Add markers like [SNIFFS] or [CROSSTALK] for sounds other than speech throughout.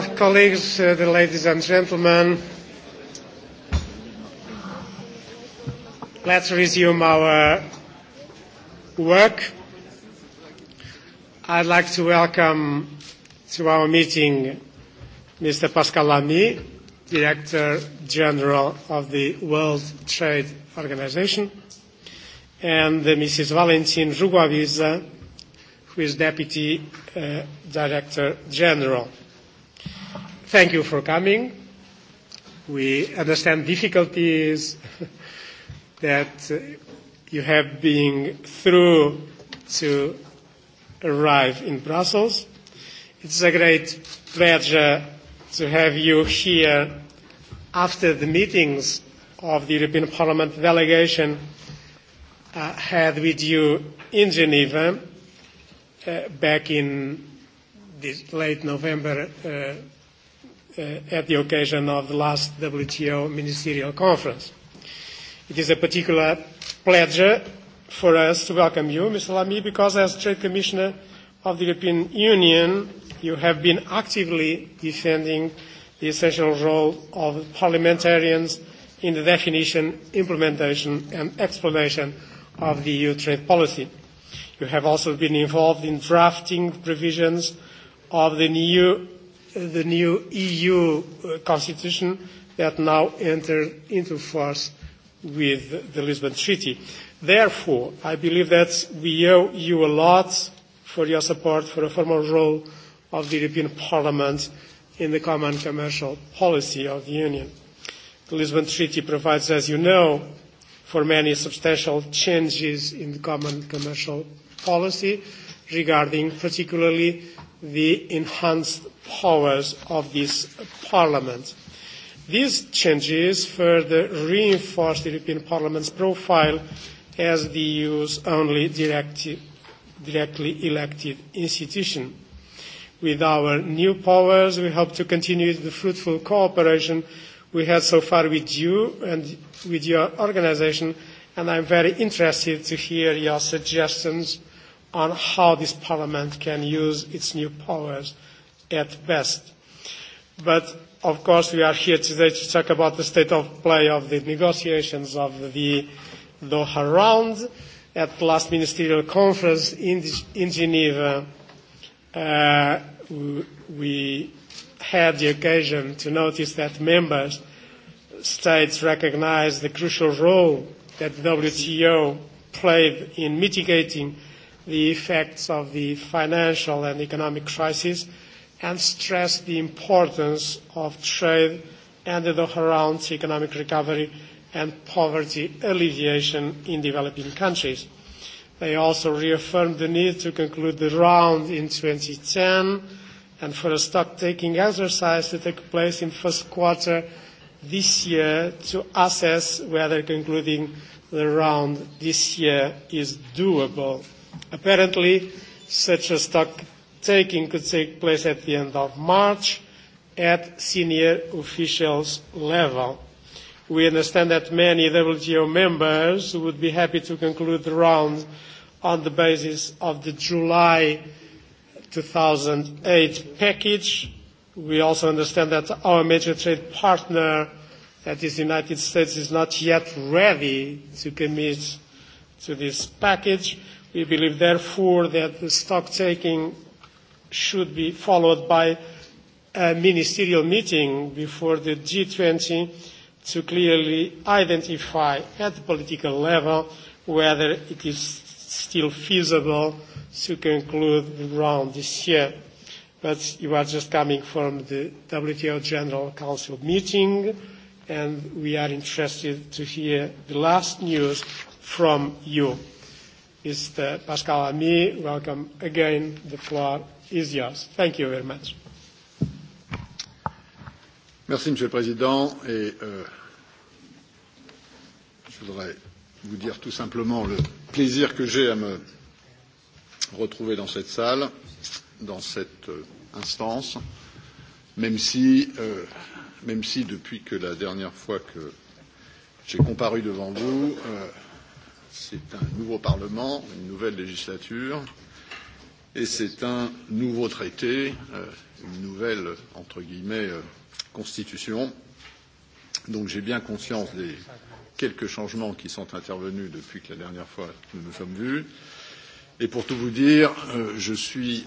colleagues, uh, the ladies and gentlemen, let's resume our work. I'd like to welcome to our meeting Mr. Pascal Lamy, Director General of the World Trade Organization, and Mrs. Valentin Rugoavisa, who is Deputy uh, Director General. Thank you for coming. We understand difficulties [LAUGHS] that you have been through to arrive in Brussels. It's a great pleasure to have you here after the meetings of the European Parliament delegation uh, had with you in Geneva uh, back in this late November uh, Uh, at the occasion of the last WTO ministerial conference. It is a particular pleasure for us to welcome you, Mr. Lamy, because as Trade Commissioner of the European Union, you have been actively defending the essential role of parliamentarians in the definition, implementation and explanation of the EU trade policy. You have also been involved in drafting provisions of the new the new EU uh, constitution that now entered into force with the Lisbon Treaty. Therefore, I believe that we owe you a lot for your support for a formal role of the European Parliament in the common commercial policy of the Union. The Lisbon Treaty provides, as you know, for many substantial changes in the common commercial policy regarding particularly the enhanced powers of this Parliament. These changes further reinforce the European Parliament's profile as the EU's only directly elected institution. With our new powers, we hope to continue the fruitful cooperation we had so far with you and with your organisation, and I'm very interested to hear your suggestions on how this Parliament can use its new powers at best. But of course, we are here today to talk about the state of play of the negotiations of the Doha round at the last ministerial conference in, in Geneva. Uh, we had the occasion to notice that members states recognize the crucial role that the WTO played in mitigating the effects of the financial and economic crisis and stressed the importance of trade and the Doha economic recovery and poverty alleviation in developing countries. They also reaffirmed the need to conclude the round in 2010 and for a stock-taking exercise to take place in first quarter this year to assess whether concluding the round this year is doable. Apparently, such a stock taking could take place at the end of March at senior officials level. We understand that many WTO members would be happy to conclude the round on the basis of the July 2008 package. We also understand that our major trade partner, that is the United States, is not yet ready to commit to this package. We believe, therefore, that the stock-taking should be followed by a ministerial meeting before the G20 to clearly identify at the political level whether it is still feasible to conclude the round this year. But you are just coming from the WTO General Council meeting, and we are interested to hear the last news from you. Mr. Pascal Ami, welcome again. The floor is yours. Thank you very much. Merci, Monsieur le Président. Et euh, je voudrais vous dire tout simplement le plaisir que j'ai à me retrouver dans cette salle, dans cette euh, instance, même si, euh, même si depuis que la dernière fois que j'ai comparu devant vous, euh, c'est un nouveau Parlement, une nouvelle législature, euh, et c'est un nouveau traité, euh, une nouvelle entre guillemets euh, constitution. Donc j'ai bien conscience des quelques changements qui sont intervenus depuis que la dernière fois nous nous sommes vus. Et pour tout vous dire, euh, je suis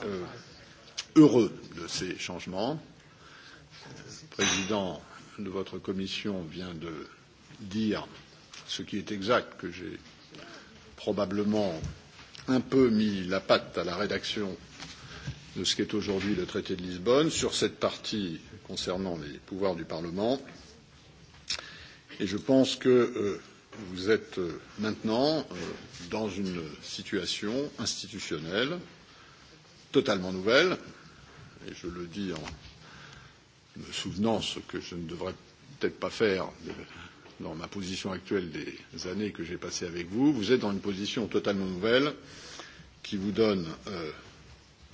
heureux de ces changements. Le président de votre commission vient de dire ce qui est exact que j'ai probablement un peu mis la patte à la rédaction de ce qu'est aujourd'hui le traité de Lisbonne sur cette partie concernant les pouvoirs du Parlement. Et je pense que euh, vous êtes euh, maintenant euh, dans une situation institutionnelle totalement nouvelle, et je le dis en me souvenant ce que je ne devrais peut-être pas faire de dans ma position actuelle des années que j'ai passées avec vous, vous êtes dans une position totalement nouvelle qui vous donne euh,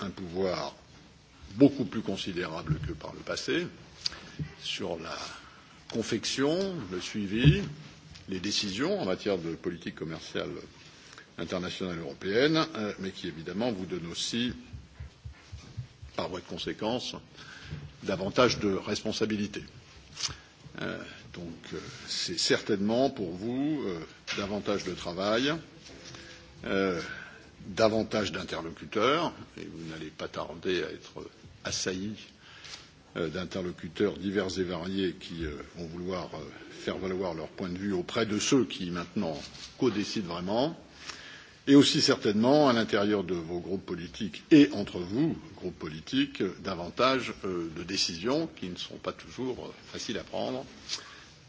un pouvoir beaucoup plus considérable que par le passé sur la confection, le suivi, les décisions en matière de politique commerciale internationale européenne, euh, mais qui évidemment vous donne aussi, par voie de conséquence, davantage de responsabilités. Euh, donc euh, c'est certainement pour vous euh, davantage de travail, euh, davantage d'interlocuteurs, et vous n'allez pas tarder à être assaillis euh, d'interlocuteurs divers et variés qui euh, vont vouloir euh, faire valoir leur point de vue auprès de ceux qui maintenant codécident vraiment. Euh, et aussi certainement à l'intérieur de vos groupes politiques et entre vous, groupes politiques, davantage euh, de décisions qui ne sont pas toujours euh, faciles à prendre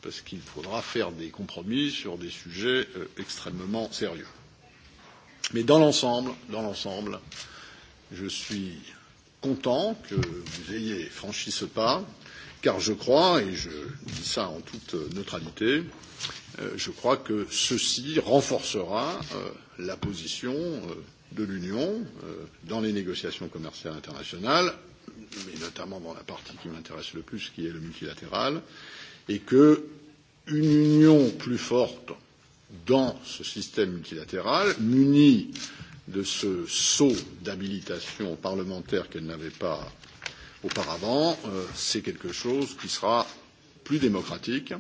parce qu'il faudra faire des compromis sur des sujets euh, extrêmement sérieux. Mais dans l'ensemble, dans l'ensemble, je suis content que vous ayez franchi ce pas car je crois, et je dis ça en toute euh, neutralité, euh, je crois que ceci renforcera euh, la position de l'Union dans les négociations commerciales internationales, mais notamment dans la partie qui m'intéresse le plus, qui est le multilatéral, et que une union plus forte dans ce système multilatéral, munie de ce saut d'habilitation parlementaire qu'elle n'avait pas auparavant, euh, c'est quelque chose qui sera plus démocratique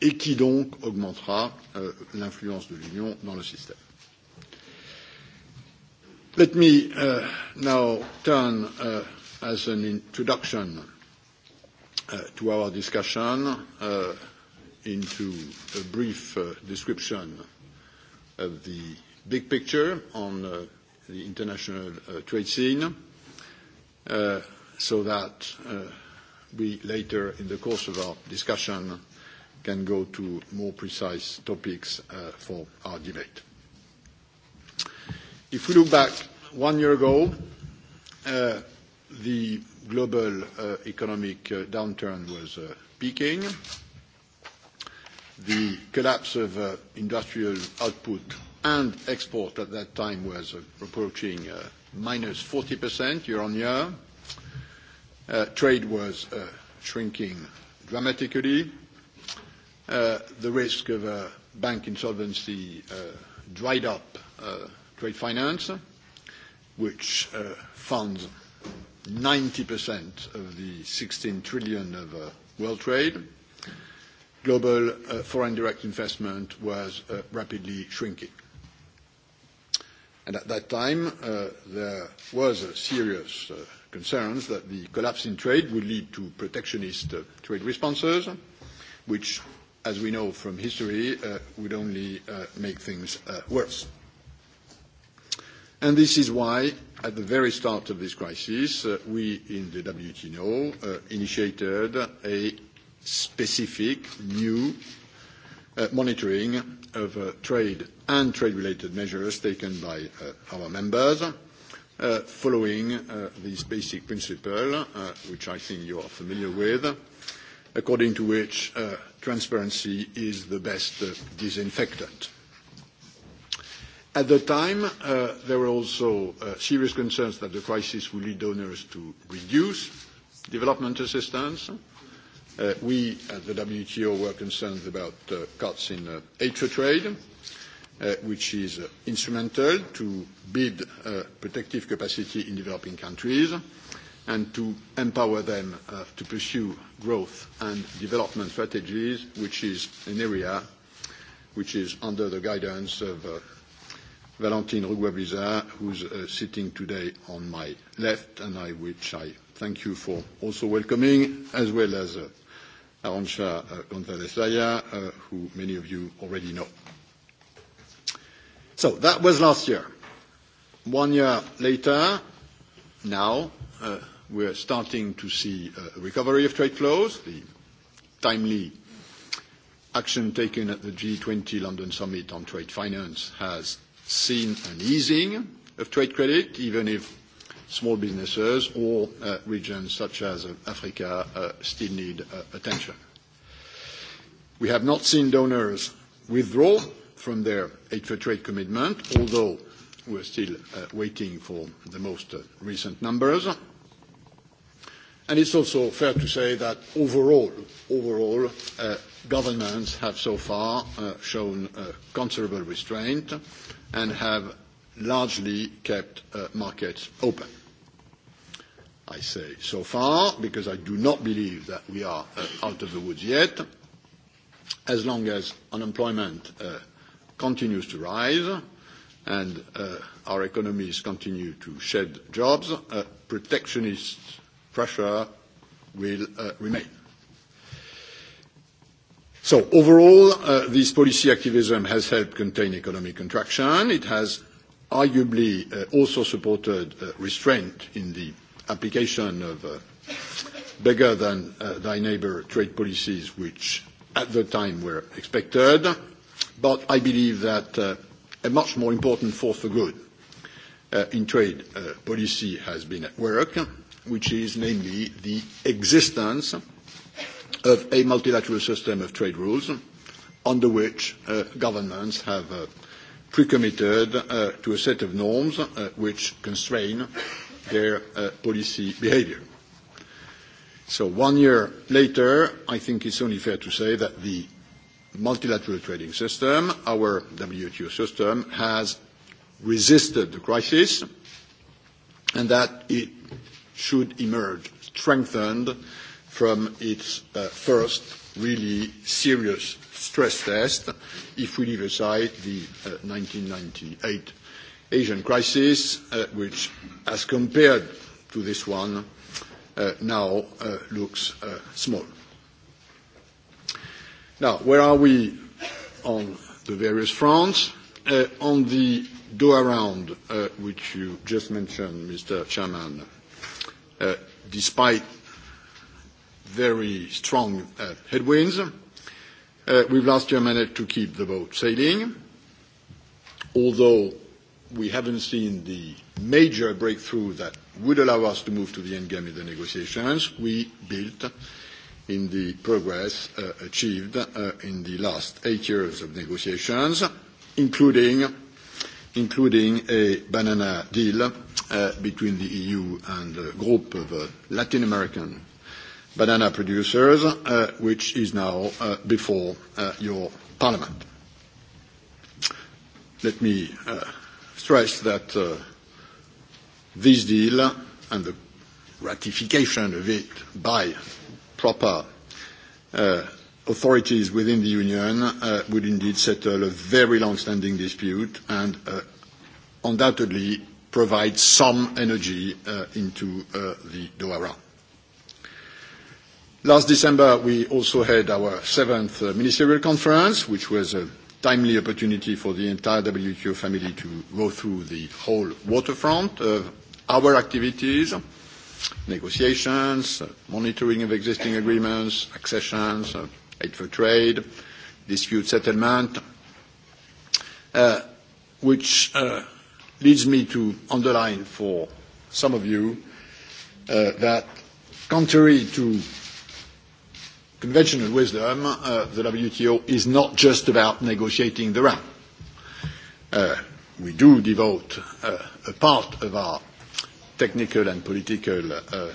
et qui donc augmentera euh, l'influence de l'Union dans le système. Let me uh, now turn uh, as an introduction uh, to our discussion uh, into a brief uh, description of the big picture on uh, the international uh, trade scene. Uh, so that uh, we later in the course of our discussion can go to more precise topics uh, for our debate. If we look back one year ago, uh, the global economic downturn was peaking. The collapse of industrial output and export at that time was approaching -40% year-on-year. Uh, trade was uh, shrinking dramatically. Uh, the risk of uh, bank insolvency uh, dried up uh, trade finance, which uh, funds 90% of the 16 trillion of uh, world trade. Global uh, foreign direct investment was uh, rapidly shrinking. And at that time, uh, there was a serious uh, concerns that the collapse in trade would lead to protectionist uh, trade responses, which, as we know from history, uh, would only uh, make things worse. And this is why, at the very start of this crisis, uh, we in the WTO uh, initiated a specific new uh, monitoring of trade and trade-related measures taken by our members, Uh, following uh, this basic principle, uh, which I think you are familiar with, according to which uh, transparency is the best uh, disinfectant. At the time, uh, there were also uh, serious concerns that the crisis would lead donors to reduce development assistance. Uh, we at the WTO were concerned about uh, cuts in aid uh, for trade. Uh, which is instrumental to build uh, protective capacity in developing countries and to empower them uh, to pursue growth and development strategies, which is an area which is under the guidance of uh, Valentine rugua who is sitting today on my left, and I, which I thank you for also welcoming, as well as Arantxa González-Laya, who many of you already know. So that was last year. One year later, now uh, we're starting to see a recovery of trade flows, the timely action taken at the G20 London Summit on trade finance has seen an easing of trade credit, even if small businesses or uh, regions such as uh, Africa uh, still need uh, attention. We have not seen donors withdraw from their aid for trade commitment, although we're still uh, waiting for the most uh, recent numbers. And it's also fair to say that overall, overall uh, governments have so far shown considerable restraint and have largely kept markets open. I say so far because I do not believe that we are out of the woods yet. As long as unemployment continues to rise and uh, our economies continue to shed jobs, uh, protectionist pressure will uh, remain. So overall, uh, this policy activism has helped contain economic contraction. It has arguably uh, also supported uh, restraint in the application of uh, bigger than uh, thy neighbor trade policies, which at the time were expected but I believe that uh, a much more important force for good uh, in trade uh, policy has been at work, which is namely the existence of a multilateral system of trade rules under which uh, governments have uh, pre-committed uh, to a set of norms uh, which constrain their uh, policy behavior. So one year later, I think it's only fair to say that the multilateral trading system, our WTO system, has resisted the crisis and that it should emerge strengthened from its uh, first really serious stress test if we leave aside the uh, 1998 Asian crisis, uh, which, as compared to this one, uh, now uh, looks uh, small. Now, where are we on the various fronts? Uh, on the Doha round, uh, which you just mentioned, Mr. Chairman, uh, despite very strong uh, headwinds, uh, we've last year managed to keep the boat sailing, although we haven't seen the major breakthrough that would allow us to move to the end game in the negotiations. We built in the progress uh, achieved uh, in the last eight years of negotiations, including, including a banana deal uh, between the EU and a group of uh, Latin American banana producers, uh, which is now uh, before your parliament. Let me stress that this deal and the ratification of it by proper uh, authorities within the Union uh, would indeed settle a very long-standing dispute and uh, undoubtedly provide some energy uh, into uh, the Doha round. Last December, we also had our seventh uh, ministerial conference, which was a timely opportunity for the entire WTO family to go through the whole waterfront of our activities, negotiations, uh, monitoring of existing agreements, accessions, uh, aid for trade, dispute settlement, uh, which uh, leads me to underline for some of you uh, that contrary to conventional wisdom, uh, the WTO is not just about negotiating the round. Uh, we do devote uh, a part of our technical and political uh,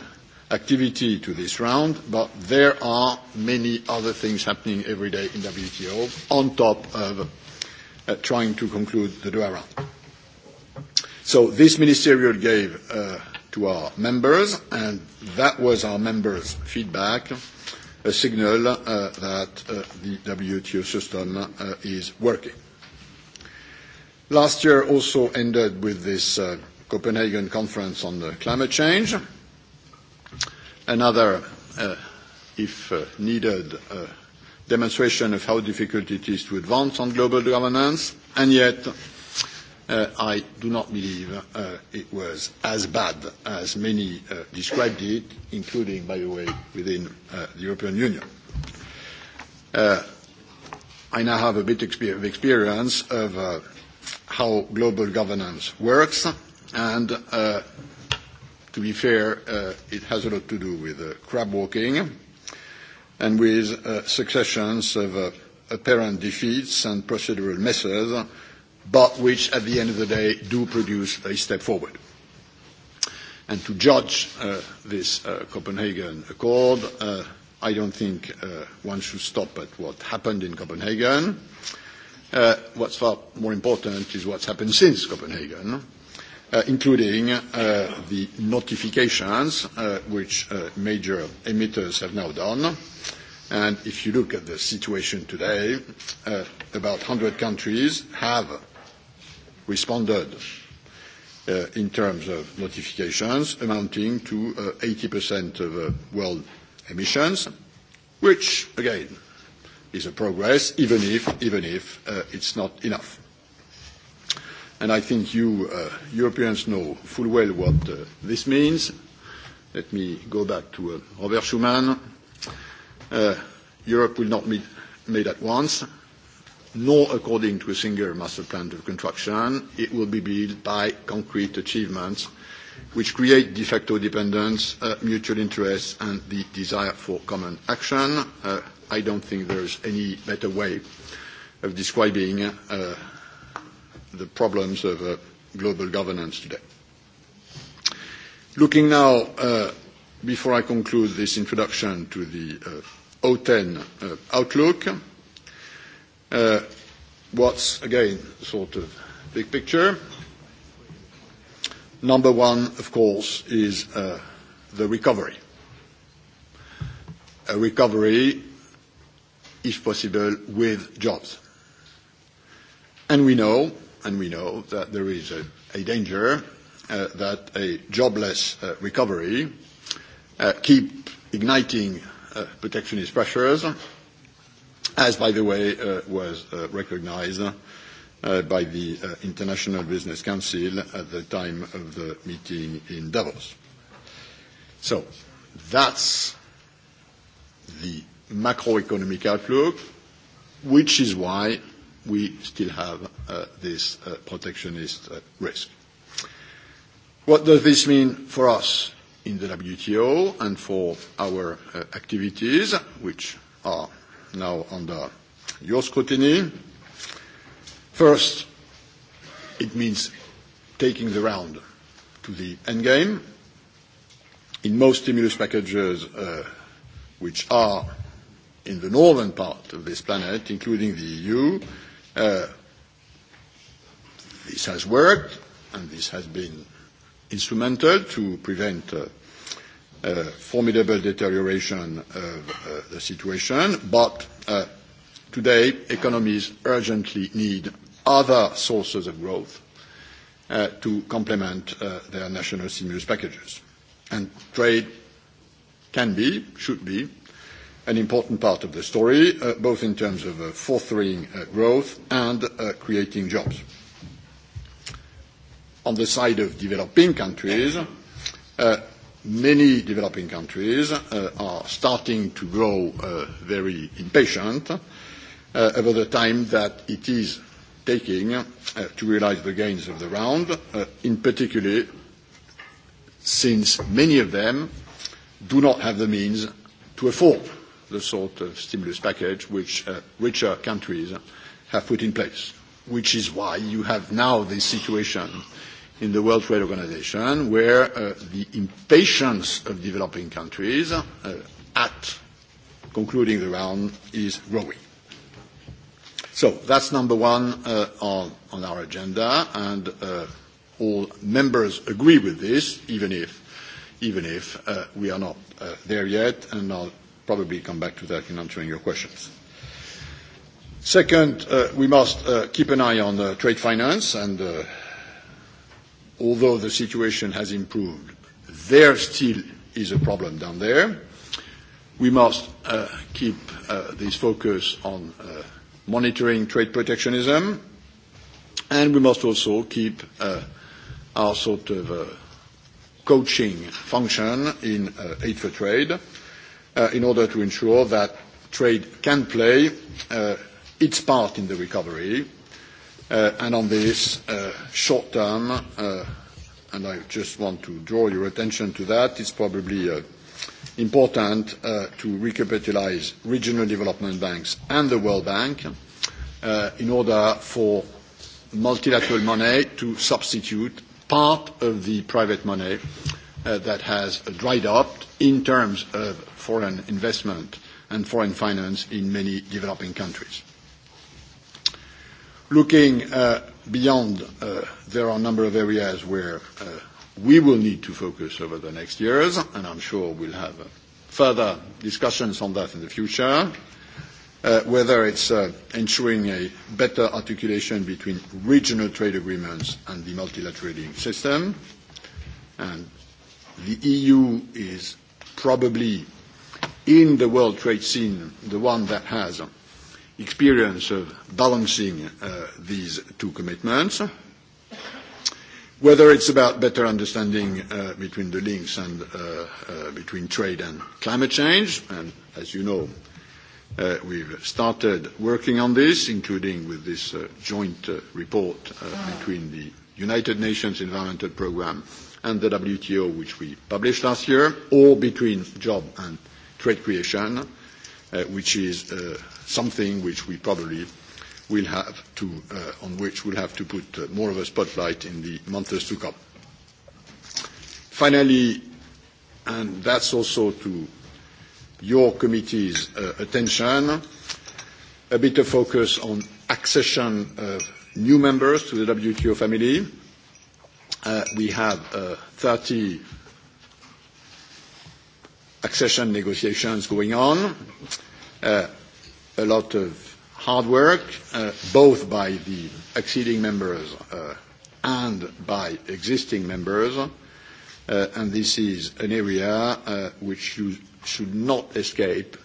activity to this round, but there are many other things happening every day in WTO on top of uh, trying to conclude the Doha round. So this ministerial gave uh, to our members, and that was our members' feedback, a signal uh, that uh, the WTO system uh, is working. Last year also ended with this uh, Copenhagen Conference on Climate Change. Another, uh, if uh, needed, uh, demonstration of how difficult it is to advance on global governance, and yet uh, I do not believe uh, it was as bad as many uh, described it, including, by the way, within uh, the European Union. Uh, I now have a bit of experience of uh, how global governance works And uh, to be fair, uh, it has a lot to do with uh, crab walking and with uh, successions of uh, apparent defeats and procedural messes, but which at the end of the day do produce a step forward. And to judge uh, this uh, Copenhagen Accord, uh, I don't think uh, one should stop at what happened in Copenhagen. Uh, what's far more important is what's happened since Copenhagen Uh, including uh, the notifications uh, which major emitters have now done. And if you look at the situation today, about 100 countries have responded in terms of notifications, amounting to 80% of world emissions, which, again, is a progress, even if, even if it's not enough and I think you uh, Europeans know full well what uh, this means. Let me go back to uh, Robert Schuman. Uh, Europe will not be made at once, nor according to a single master plan of construction. It will be built by concrete achievements which create de facto dependence, uh, mutual interests, and the desire for common action. Uh, I don't think there is any better way of describing uh, the problems of uh, global governance today. Looking now, uh, before I conclude this introduction to the uh, O10 uh, outlook, uh, what's again sort of big picture? Number one, of course, is uh, the recovery. A recovery, if possible, with jobs. And we know and we know that there is a, a danger uh, that a jobless uh, recovery uh, keep igniting uh, protectionist pressures, as, by the way, uh, was uh, recognized uh, by the uh, International Business Council at the time of the meeting in Davos. So that's the macroeconomic outlook, which is why we still have uh, this uh, protectionist uh, risk. What does this mean for us in the WTO and for our uh, activities, which are now under your scrutiny? First, it means taking the round to the end game. In most stimulus packages, uh, which are in the northern part of this planet, including the EU, Uh, this has worked, and this has been instrumental to prevent uh, uh, formidable deterioration of uh, the situation. But uh, today, economies urgently need other sources of growth to complement their national stimulus packages. And trade can be, should be, an important part of the story, uh, both in terms of uh, fostering uh, growth and creating jobs. On the side of developing countries, many developing countries are starting to grow very impatient about the time that it is taking to realize the gains of the round, in particular, since many of them do not have the means to afford the sort of stimulus package which uh, richer countries have put in place, which is why you have now this situation in the World Trade Organization where uh, the impatience of developing countries uh, at concluding the round is growing. So that's number one uh, on, on our agenda, and uh, all members agree with this, even if, even if uh, we are not uh, there yet and are probably come back to that in answering your questions. Second, uh, we must uh, keep an eye on uh, trade finance, and uh, although the situation has improved, there still is a problem down there. We must uh, keep uh, this focus on monitoring trade protectionism, and we must also keep our sort of coaching function in Aid for Trade, Uh, in order to ensure that trade can play uh, its part in the recovery. Uh, and on this uh, short term, uh, and I just want to draw your attention to that, it's probably uh, important uh, to recapitalize regional development banks and the World Bank uh, in order for multilateral money to substitute part of the private money uh, Uh, that has dried up in terms of foreign investment and foreign finance in many developing countries. Looking uh, beyond, uh, there are a number of areas where uh, we will need to focus over the next years, and I'm sure we'll have uh, further discussions on that in the future. Uh, whether it's uh, ensuring a better articulation between regional trade agreements and the multilateral trading system, and the EU is probably in the world trade scene the one that has uh, experience of balancing uh, these two commitments. Whether it's about better understanding uh, between the links and uh, uh, between trade and climate change, and as you know, uh, we've started working on this, including with this uh, joint uh, report uh, between the United Nations Environmental Programme and the WTO, which we published last year, or between job and trade creation, uh, which is uh, something which we probably will have to, uh, on which we'll have to put uh, more of a spotlight in the months to come. Finally, and that's also to your committee's uh, attention, a bit of focus on accession of new members to the WTO family Uh, we have uh, 30 accession negotiations going on. Uh, a lot of hard work, uh, both by the acceding members uh, and by existing members. and This is an area which you should not escape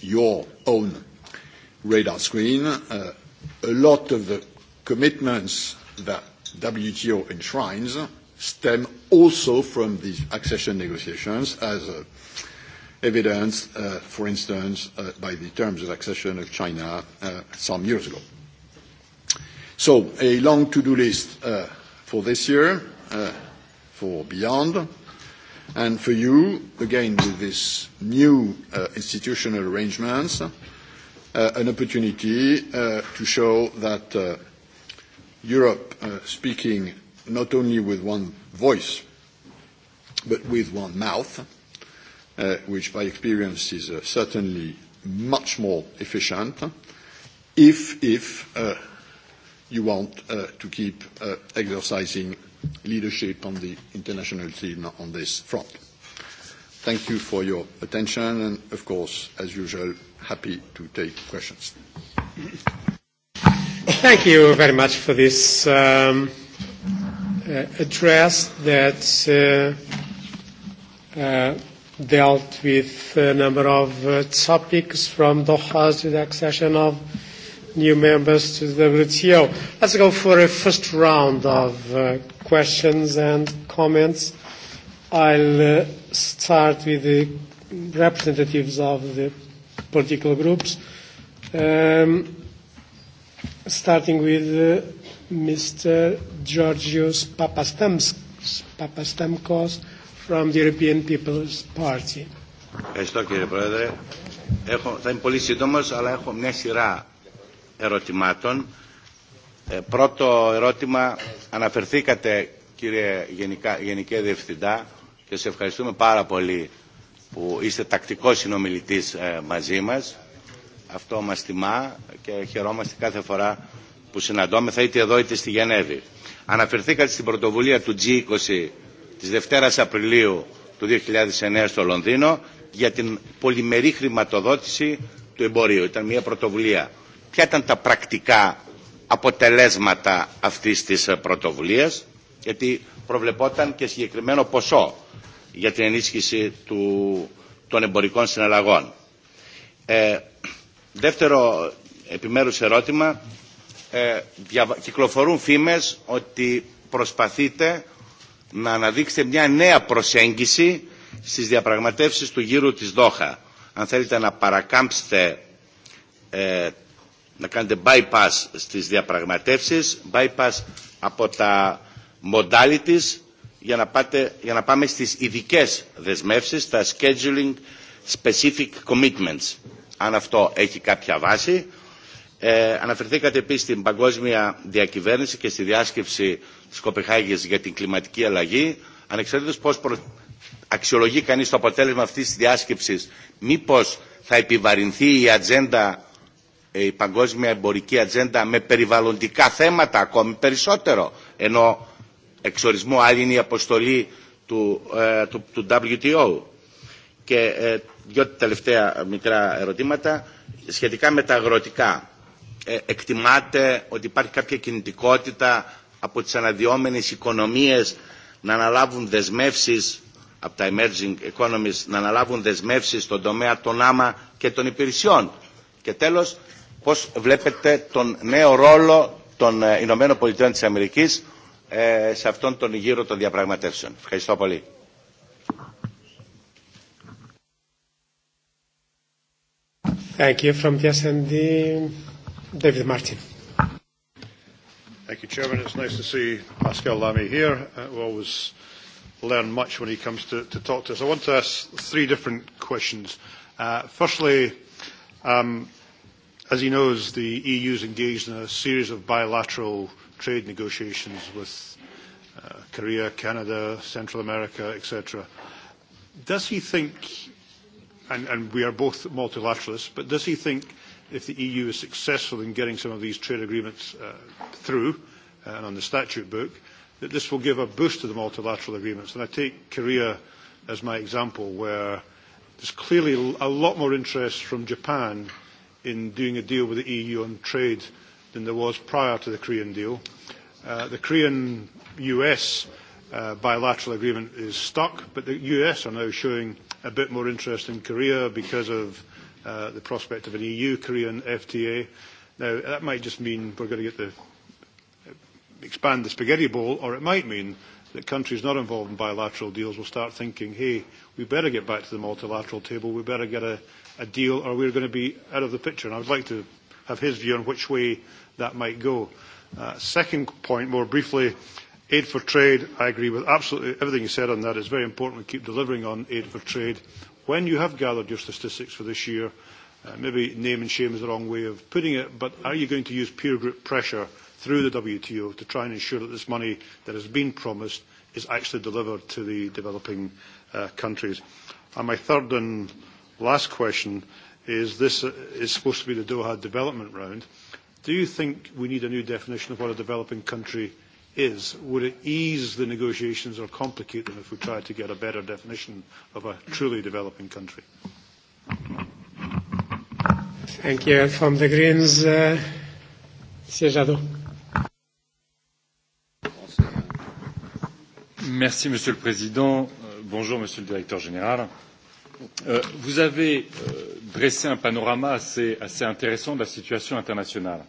your own radar screen. A lot of the commitments that WTO enshrines stem also from these accession negotiations as uh, evidenced, uh, for instance, uh, by the terms of accession of China uh, some years ago. So a long to-do list uh, for this year, uh, for beyond, and for you, again, with this new uh, institutional arrangements, uh, an opportunity uh, to show that uh, Europe uh, speaking not only with one voice, but with one mouth, uh, which by experience is uh, certainly much more efficient if, if uh, you want uh, to keep uh, exercising leadership on the international scene on this front. Thank you for your attention and, of course, as usual, happy to take questions. Thank you very much for this um, uh, address that uh, uh, dealt with a number of uh, topics from Doha to the accession of new members to the WTO. Let's go for a first round of uh, questions and comments. I'll uh, start with the representatives of the political groups. Um, starting with uh, Mr. Georgios Papastamkos, Papastamkos from the European People's Party. Ευχαριστώ κύριε Πρόεδρε. Έχω, θα είμαι πολύ σύντομος, αλλά έχω μια σειρά ερωτημάτων. Ε, πρώτο ερώτημα, αναφερθήκατε κύριε Γενικά, Γενική Διευθυντά και σε ευχαριστούμε πάρα πολύ που είστε τακτικός συνομιλητής ε, μαζί μας Αυτό μας τιμά και χαιρόμαστε κάθε φορά που συναντώμεθα είτε εδώ είτε στη Γενέβη. Αναφερθήκατε στην πρωτοβουλία του G20 της Δευτέρας Απριλίου του 2009 στο Λονδίνο για την πολυμερή χρηματοδότηση του εμπορίου. Ήταν μια πρωτοβουλία. Ποια ήταν τα πρακτικά αποτελέσματα αυτής της πρωτοβουλίας, γιατί προβλεπόταν και συγκεκριμένο ποσό για την ενίσχυση του, των εμπορικών συναλλαγών. Ε, Δεύτερο επιμέρους ερώτημα. Ε, δια, κυκλοφορούν φήμες ότι προσπαθείτε να αναδείξετε μια νέα προσέγγιση στις διαπραγματεύσεις του γύρου της Δόχα. Αν θέλετε να παρακάμψετε, ε, να κάνετε bypass στις διαπραγματεύσεις, bypass από τα modalities για να, πάτε, για να πάμε στις ειδικές δεσμεύσεις, τα scheduling specific commitments αν αυτό έχει κάποια βάση. Ε, αναφερθήκατε επίσης στην παγκόσμια διακυβέρνηση και στη διάσκεψη της Κοπεχάγης για την κλιματική αλλαγή. Ανεξαρτήτως πώς προ... αξιολογεί κανείς το αποτέλεσμα αυτής της διάσκεψης, μήπως θα επιβαρυνθεί η ατζέντα, η παγκόσμια εμπορική ατζέντα με περιβαλλοντικά θέματα ακόμη περισσότερο, ενώ εξορισμού άλλη είναι η αποστολή του, ε, του, του WTO. Και ε, δύο τελευταία μικρά ερωτήματα σχετικά με τα αγροτικά. Ε, εκτιμάτε ότι υπάρχει κάποια κινητικότητα από τις αναδυόμενες οικονομίες να αναλάβουν δεσμεύσεις από τα emerging economies να αναλάβουν δεσμεύσεις στον τομέα των άμα και των υπηρεσιών. Και τέλος, πώς βλέπετε τον νέο ρόλο των Ηνωμένων Πολιτειών της Αμερικής σε αυτόν τον γύρο των διαπραγματεύσεων. Ευχαριστώ πολύ. Thank you. From the SND, David Martin. Thank you, Chairman. It's nice to see Pascal Lamy here. Uh, we always learn much when he comes to, to talk to us. I want to ask three different questions. Uh, firstly, um, as he knows, the EU is engaged in a series of bilateral trade negotiations with uh, Korea, Canada, Central America, etc. Does he think and, and we are both multilateralists, but does he think if the EU is successful in getting some of these trade agreements uh, through uh, and on the statute book, that this will give a boost to the multilateral agreements? And I take Korea as my example, where there's clearly a lot more interest from Japan in doing a deal with the EU on trade than there was prior to the Korean deal. Uh, the Korean-US Uh, bilateral agreement is stuck, but the US are now showing a bit more interest in Korea because of uh, the prospect of an EU-Korean FTA. Now, that might just mean we're going to get the expand the spaghetti bowl, or it might mean that countries not involved in bilateral deals will start thinking, hey, we better get back to the multilateral table, we better get a, a deal, or we're going to be out of the picture. And I would like to have his view on which way that might go. Uh, second point, more briefly, Aid for trade, I agree with absolutely everything you said on that. It's very important we keep delivering on aid for trade. When you have gathered your statistics for this year, uh, maybe name and shame is the wrong way of putting it, but are you going to use peer group pressure through the WTO to try and ensure that this money that has been promised is actually delivered to the developing uh, countries? And my third and last question is this uh, is supposed to be the Doha development round. Do you think we need a new definition of what a developing country is? is. Would it ease the negotiations or complicate them if we tried to get a better definition of a truly developing country? Thank you. From the Greens, uh, Monsieur Jadot. Merci, Monsieur le Président. Euh, bonjour, Monsieur le Directeur Général. Euh, vous avez euh, dressé un panorama assez, assez intéressant de la situation internationale.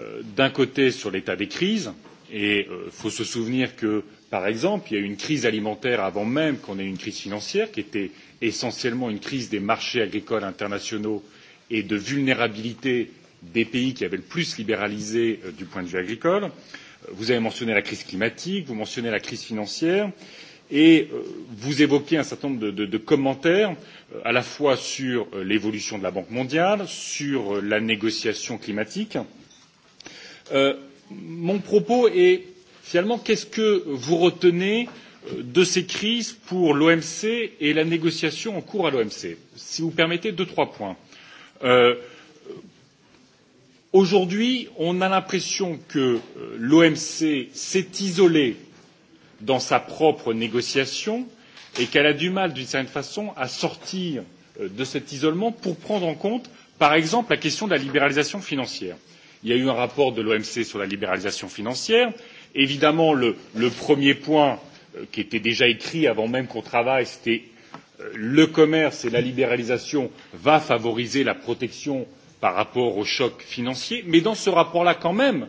Euh, D'un côté, sur l'état des crises, euh, Et il euh, faut se souvenir que, par exemple, il y a eu une crise alimentaire avant même qu'on ait une crise financière, qui était essentiellement une crise des marchés agricoles internationaux et de vulnérabilité des pays qui avaient le plus libéralisé euh, du point de vue agricole. Euh, vous avez mentionné la crise climatique, vous mentionnez la crise financière et euh, vous évoquez un certain nombre de, de, de commentaires euh, à la fois sur l'évolution de la banque mondiale sur la négociation climatique. Euh, mon propos est finalement qu'est-ce que vous retenez euh, de ces crises pour l'OMC et la négociation en cours à l'OMC Si vous permettez, deux, trois points. Euh, Aujourd'hui, on a l'impression que euh, l'OMC s'est isolée dans sa propre négociation et qu'elle a du mal, d'une certaine façon, à sortir euh, de cet isolement pour prendre en compte, par exemple, la question de la libéralisation financière il y a eu un rapport de l'omc sur la libéralisation financière évidemment le, le premier point euh, qui était déjà écrit avant même qu'on travaille c'était euh, le commerce et la libéralisation va favoriser la protection par rapport au choc financier mais dans ce rapport là quand même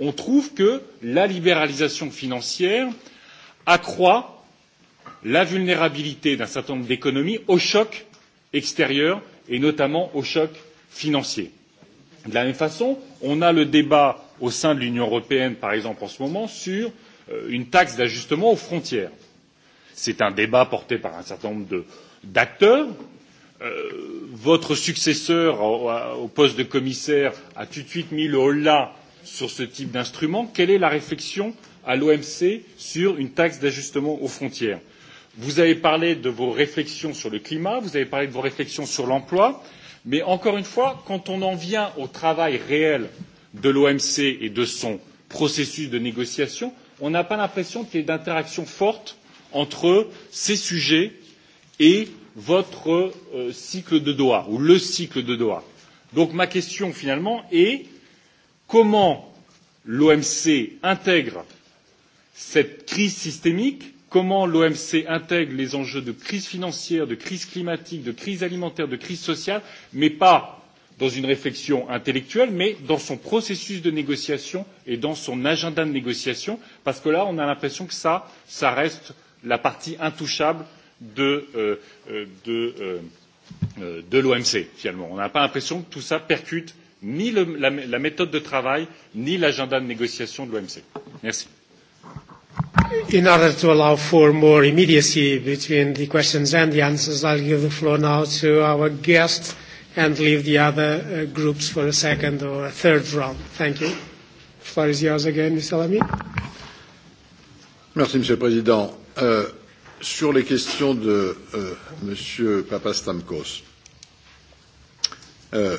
on trouve que la libéralisation financière accroît la vulnérabilité d'un certain nombre d'économies au choc extérieur et notamment au choc financier de la même façon on a le débat au sein de l'union européenne par exemple en ce moment sur euh, une taxe d'ajustement aux frontières. c'est un débat porté par un certain nombre d'acteurs euh, votre successeur au poste de commissaire a tout de suite mis le holà sur ce type d'instrument. Quelle est la réflexion à l'OMC sur une taxe d'ajustement aux frontières Vous avez parlé de vos réflexions sur le climat, vous avez parlé de vos réflexions sur l'emploi. Mais encore une fois, quand on en vient au travail réel de l'OMC et de son processus de négociation, on n'a pas l'impression qu'il y ait d'interaction forte entre ces sujets et votre euh, cycle de Doha ou le cycle de Doha. Donc ma question finalement est comment l'OMC intègre cette crise systémique comment l'omc intègre les enjeux de crise financière de crise climatique de crise alimentaire de crise sociale mais pas dans une réflexion intellectuelle mais dans son processus de négociation et dans son agenda de négociation parce que là on a l'impression que ça, ça reste la partie intouchable de, euh, euh, de, euh, de l'omc finalement. on n'a pas l'impression que tout ça percute ni le, la, la méthode de travail ni l'agenda de négociation de l'omc. merci in order to allow for more immediacy between the questions and the answers, I'll give the floor now to our guest and leave the other uh, groups for a second or a third round. Thank you. The floor is yours again, Mr. Lamy. Merci, Monsieur le Président. Euh, sur les questions de euh, Monsieur Papastamkos, euh,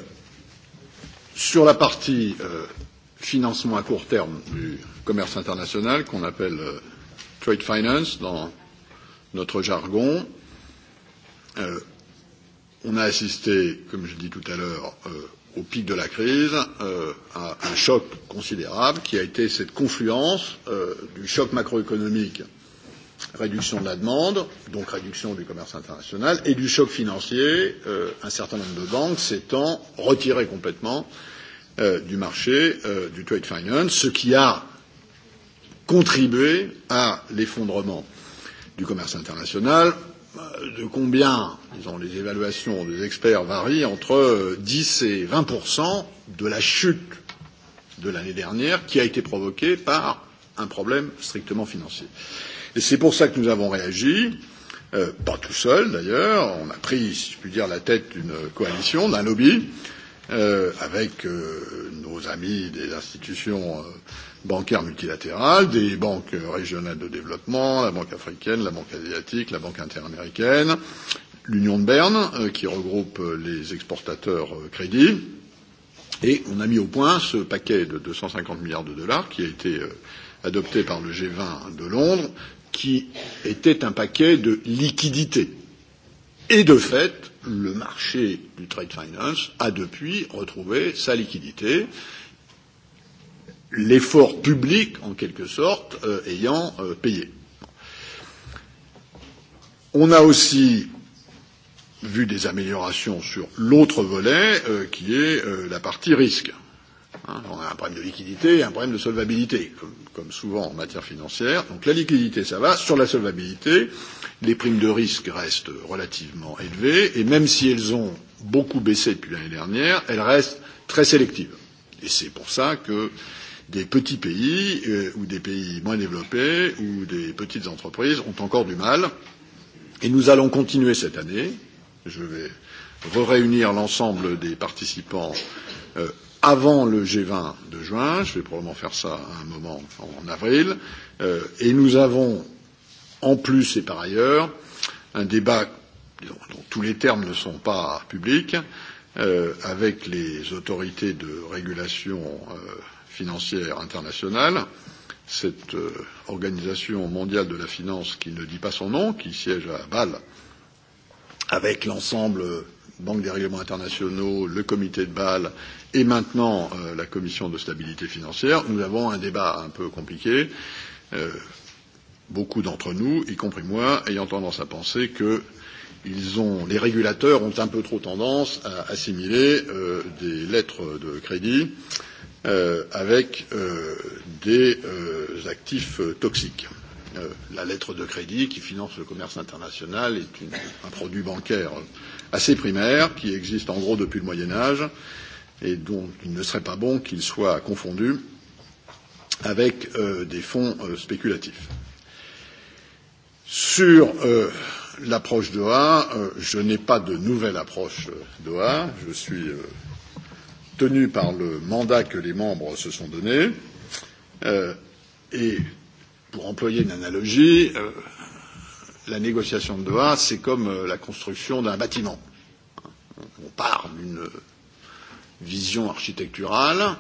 sur la partie euh, financement à court terme du commerce international qu'on appelle euh, trade finance dans notre jargon. Euh, on a assisté, comme je l'ai dit tout à l'heure, euh, au pic de la crise, euh, à un choc considérable qui a été cette confluence euh, du choc macroéconomique, réduction de la demande, donc réduction du commerce international, et du choc financier, euh, un certain nombre de banques s'étant retirées complètement euh, du marché euh, du trade finance, ce qui a contribué à l'effondrement du commerce international, euh, de combien, disons, les évaluations des experts varient entre 10 euh, et 20 de la chute de l'année dernière qui a été provoquée par un problème strictement financier. Et c'est pour ça que nous avons réagi, euh, pas tout seul d'ailleurs, on a pris, si je puis dire, la tête d'une coalition, d'un lobby, euh, avec euh, nos amis des institutions euh, bancaire multilatérales, des banques régionales de développement, la Banque africaine, la Banque asiatique, la Banque interaméricaine, l'Union de Berne, euh, qui regroupe les exportateurs euh, crédits. Et on a mis au point ce paquet de 250 milliards de dollars qui a été euh, adopté par le G20 de Londres, qui était un paquet de liquidités. Et de fait, le marché du trade finance a depuis retrouvé sa liquidité. Euh, l'effort public, en quelque sorte, euh, ayant euh, payé. On a aussi vu des améliorations sur l'autre volet, euh, qui est euh, la partie risque. Hein, on a un problème de liquidité et un problème de solvabilité, comme, comme souvent en matière financière. Donc la liquidité, ça va. Sur la solvabilité, les primes de risque restent relativement élevées, et même si elles ont beaucoup baissé depuis l'année dernière, elles restent très sélectives. Et c'est pour ça que euh, des petits pays euh, ou des pays moins développés ou des petites entreprises ont encore du mal. Et nous allons continuer cette année. Je vais réunir l'ensemble des participants euh, avant le G20 de juin. Je vais probablement faire ça à un moment en avril. Euh, et nous avons, en plus et par ailleurs, un débat disons, dont tous les termes ne sont pas publics, euh, avec les autorités de régulation euh, financière internationale, cette euh, organisation mondiale de la finance qui ne dit pas son nom, qui siège à Bâle, avec l'ensemble euh, Banque des règlements internationaux, le comité de Bâle et maintenant euh, la commission de stabilité financière, nous avons un débat un peu compliqué. Euh, beaucoup d'entre nous, y compris moi, ayant tendance à penser que ils ont, les régulateurs ont un peu trop tendance à assimiler euh, des lettres de crédit euh, euh, avec euh, des euh, actifs euh, toxiques. Euh, la lettre de crédit qui finance le commerce international est une, un produit bancaire assez primaire qui existe en gros depuis le Moyen Âge et dont il ne serait pas bon qu'il soit confondu avec euh, des fonds euh, spéculatifs. Sur euh, l'approche Doha, euh, je n'ai pas de nouvelle approche euh, Doha. Je suis euh, tenu par le mandat que les membres se sont donné. Euh, et pour employer une analogie, euh, la négociation de Doha, c'est comme euh, la construction d'un bâtiment. On part d'une vision architecturale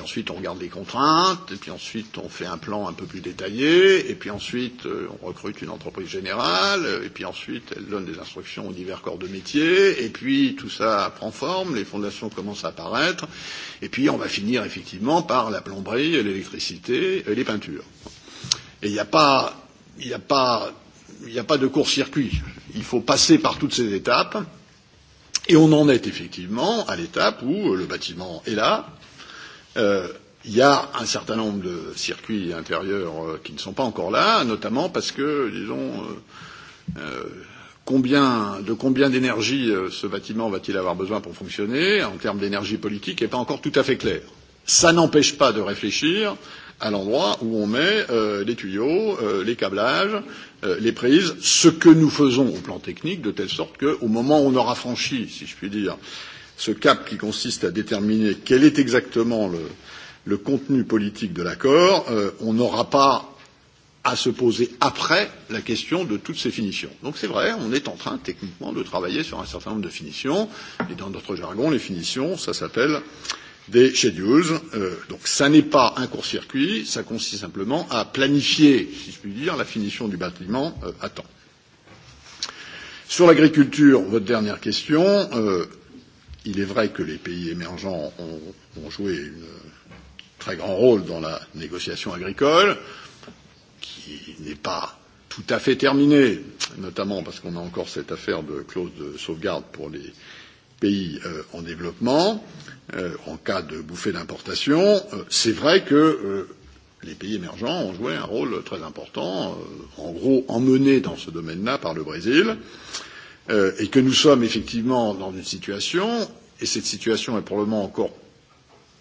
puis ensuite on regarde les contraintes, et puis ensuite on fait un plan un peu plus détaillé, et puis ensuite euh, on recrute une entreprise générale, euh, et puis ensuite elle donne des instructions aux divers corps de métier, et puis tout ça prend forme, les fondations commencent à apparaître, et puis on va finir effectivement par la plomberie, l'électricité et les peintures. Et il n'y a pas, il n'y a pas, il n'y a pas de court-circuit. Il faut passer par toutes ces étapes. Et on en est effectivement à l'étape où le bâtiment est là, Euh, il y a un certain nombre de circuits intérieurs euh, qui ne sont pas encore là, notamment parce que, disons, euh, euh, combien, de combien d'énergie euh, ce bâtiment va-t-il avoir besoin pour fonctionner en termes d'énergie politique n'est pas encore tout à fait clair. Ça n'empêche pas de réfléchir à l'endroit où on met euh, les tuyaux, euh, les câblages, euh, les prises, ce que nous faisons au plan technique, de telle sorte qu'au moment où on aura franchi, si je puis dire, euh, ce cap qui consiste à déterminer quel est exactement le, le contenu politique de l'accord, euh, on n'aura pas à se poser après la question de toutes ces finitions. Donc c'est vrai, on est en train techniquement de travailler sur un certain nombre de finitions, et dans notre jargon, les finitions, ça s'appelle des schedules. Euh, donc ça n'est pas un court-circuit, ça consiste simplement à planifier, si je puis dire, la finition du bâtiment euh, à temps. Sur l'agriculture, votre dernière question, euh, Il est vrai que les pays émergents ont, ont joué un très grand rôle dans la négociation agricole, qui n'est pas tout à fait terminée, notamment parce qu'on a encore cette affaire de clause de sauvegarde pour les pays euh, en développement, euh, en cas de bouffée d'importation. Euh, C'est vrai que euh, les pays émergents ont joué un rôle très important, euh, en gros emmenés dans ce domaine-là par le Brésil. Euh, euh, et que nous sommes effectivement dans une situation, et cette situation est probablement encore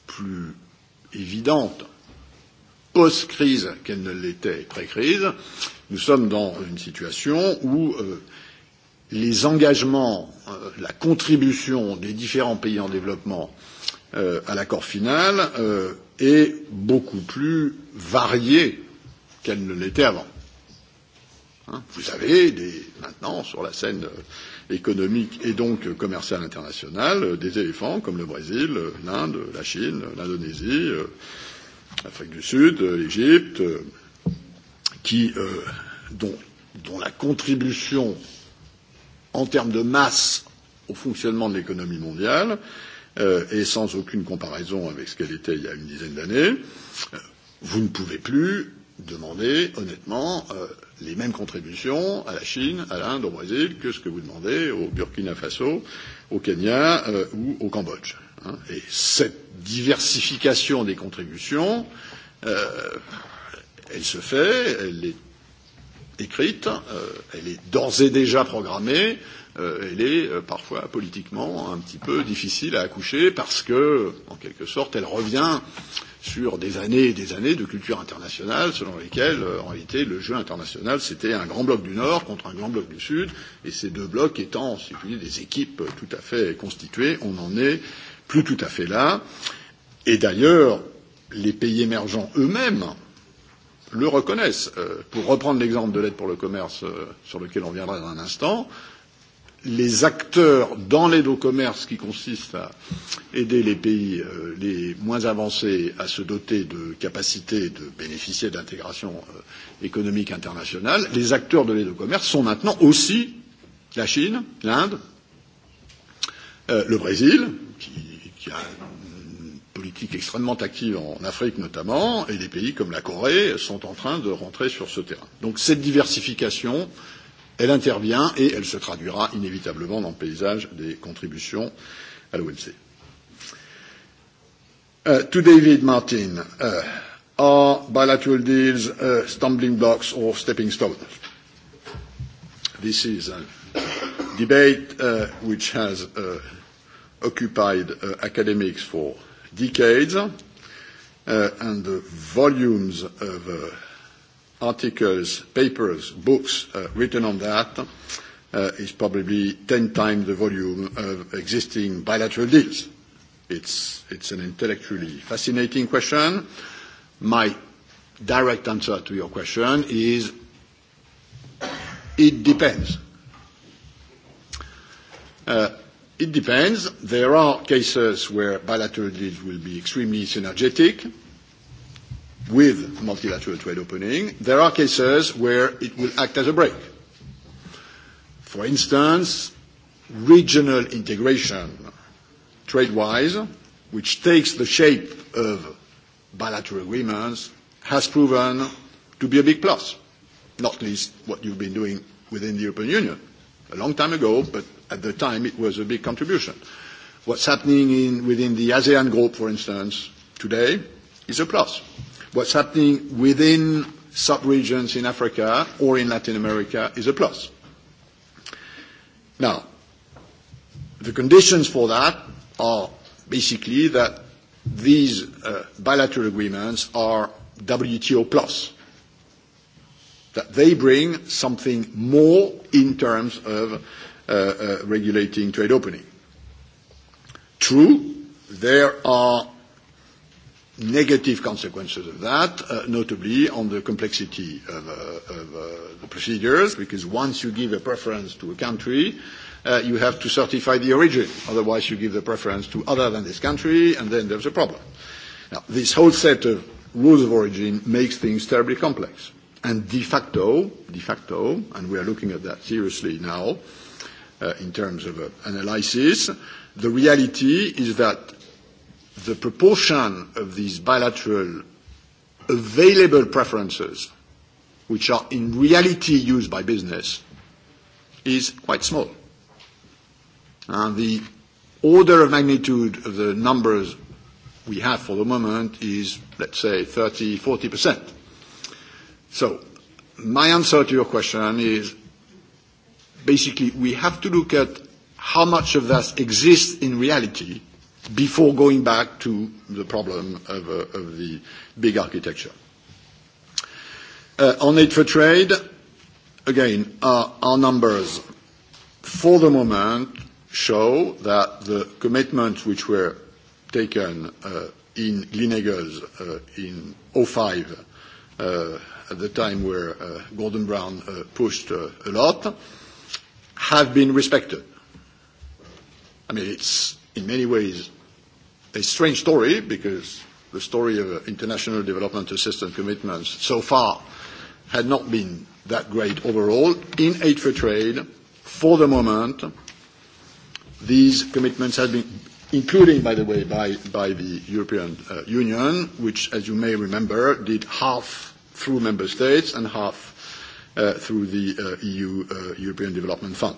plus évidente post-crise qu'elle ne l'était pré-crise, nous sommes dans une situation où euh, les engagements, euh, la contribution des différents pays en développement euh, à l'accord final euh, est beaucoup plus variée qu'elle ne l'était avant. Hein vous avez des, maintenant sur la scène euh, économique et donc commerciale internationale euh, des éléphants comme le Brésil, euh, l'Inde, la Chine, l'Indonésie, l'Afrique du Sud, l'Égypte, qui euh, dont, dont la contribution en termes de masse au fonctionnement de l'économie mondiale euh, est sans aucune comparaison avec ce qu'elle était il y a une dizaine d'années, vous ne pouvez plus demander honnêtement euh, les mêmes contributions à la Chine, à l'Inde, au Brésil que ce que vous demandez au Burkina Faso, au Kenya euh, ou au Cambodge. Hein. Et cette diversification des contributions, euh, elle se fait, elle est écrite, euh, elle est d'ores et déjà programmée, euh, elle est euh, parfois politiquement un petit peu difficile à accoucher parce que, en quelque sorte, elle revient euh, sur des années et des années de culture internationale selon lesquelles, euh, en réalité, le jeu international, c'était un grand bloc du Nord contre un grand bloc du Sud, et ces deux blocs étant, si vous voulez, des équipes euh, tout à fait constituées, on n'en est plus tout à fait là. Et d'ailleurs, les pays émergents eux-mêmes le reconnaissent. Euh, pour reprendre l'exemple de l'aide pour le commerce euh, sur lequel on viendra dans un instant, euh, les acteurs dans l'aide au commerce qui consiste à aider les pays euh, les moins avancés à se doter de capacités de bénéficier d'intégration euh, économique internationale, les acteurs de l'aide au commerce sont maintenant aussi la Chine, l'Inde, euh, le Brésil, qui, qui a une politique extrêmement active en Afrique notamment, et des pays comme la Corée sont en train de rentrer sur ce terrain. Donc cette diversification euh, Elle intervient et elle se traduira inévitablement dans le paysage des contributions à l'OMC. Uh, to David Martin, uh, are bilateral deals uh, stumbling blocks or stepping stones? This is a debate uh, which has uh, occupied uh, academics for decades, uh, and the volumes of uh, articles, papers, books uh, written on that uh, is probably 10 times the volume of existing bilateral deals. It's, it's an intellectually fascinating question. My direct answer to your question is it depends. Uh, it depends. There are cases where bilateral deals will be extremely synergetic with multilateral trade opening. There are cases where it will act as a brake. For instance, regional integration trade-wise, which takes the shape of bilateral agreements, has proven to be a big plus, not least what you've been doing within the European Union. A long time ago, but at the time it was a big contribution. What's happening in, within the ASEAN group, for instance, today is a plus. What's happening within sub-regions in Africa or in Latin America is a plus. Now, the conditions for that are basically that these uh, bilateral agreements are WTO plus, that they bring something more in terms of uh, uh, regulating trade opening. True, there are negative consequences of that, uh, notably on the complexity of, uh, of uh, the procedures, because once you give a preference to a country, uh, you have to certify the origin. Otherwise, you give the preference to other than this country, and then there's a problem. Now, this whole set of rules of origin makes things terribly complex. And de facto, de facto, and we are looking at that seriously now uh, in terms of uh, analysis, the reality is that the proportion of these bilateral available preferences, which are in reality used by business, is quite small. And the order of magnitude of the numbers we have for the moment is, let's say, 30, 40%. So my answer to your question is basically we have to look at how much of that exists in reality before going back to the problem of, uh, of the big architecture. Uh, on aid for trade, again, our, our numbers for the moment show that the commitments which were taken uh, in Gleneagles uh, in 2005, uh, at the time where uh, Gordon Brown uh, pushed uh, a lot, have been respected. I mean, it's in many ways a strange story because the story of uh, international development assistance commitments so far had not been that great overall. In aid for trade, for the moment, these commitments have been, including, by the way, by, by the European uh, Union, which, as you may remember, did half through member states and half uh, through the uh, EU uh, European Development Fund.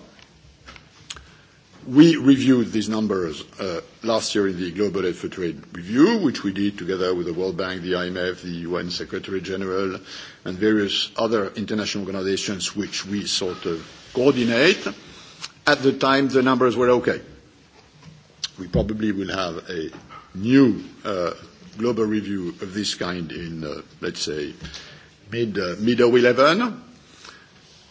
We reviewed these numbers uh, last year in the Global Aid for Trade Review, which we did together with the World Bank, the IMF, the UN Secretary General, and various other international organizations which we sort of coordinate. At the time, the numbers were okay. We probably will have a new uh, global review of this kind in, uh, let's say, mid-2011. Mid uh,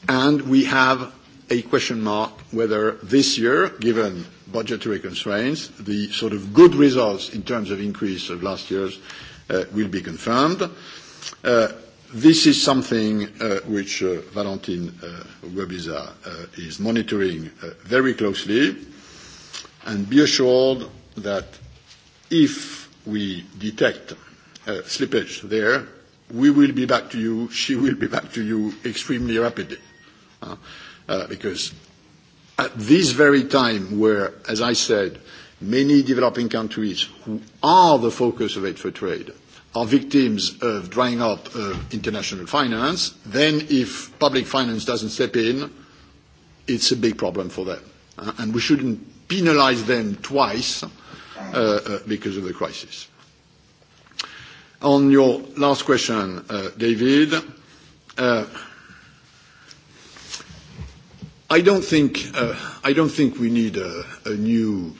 and we have a question mark whether this year, given budgetary constraints, the sort of good results in terms of increase of last year's uh, will be confirmed. Uh, this is something uh, which uh, Valentin uh, uh, is monitoring uh, very closely, and be assured that if we detect uh, slippage there, we will be back to you, she will be back to you extremely rapidly. Uh, Uh, because at this very time where, as I said, many developing countries who are the focus of aid for trade are victims of drying up of international finance, then if public finance doesn't step in, it's a big problem for them. Uh, and we shouldn't penalize them twice uh, uh, because of the crisis. On your last question, uh, David, I don't think, uh, I don't think we need a, a new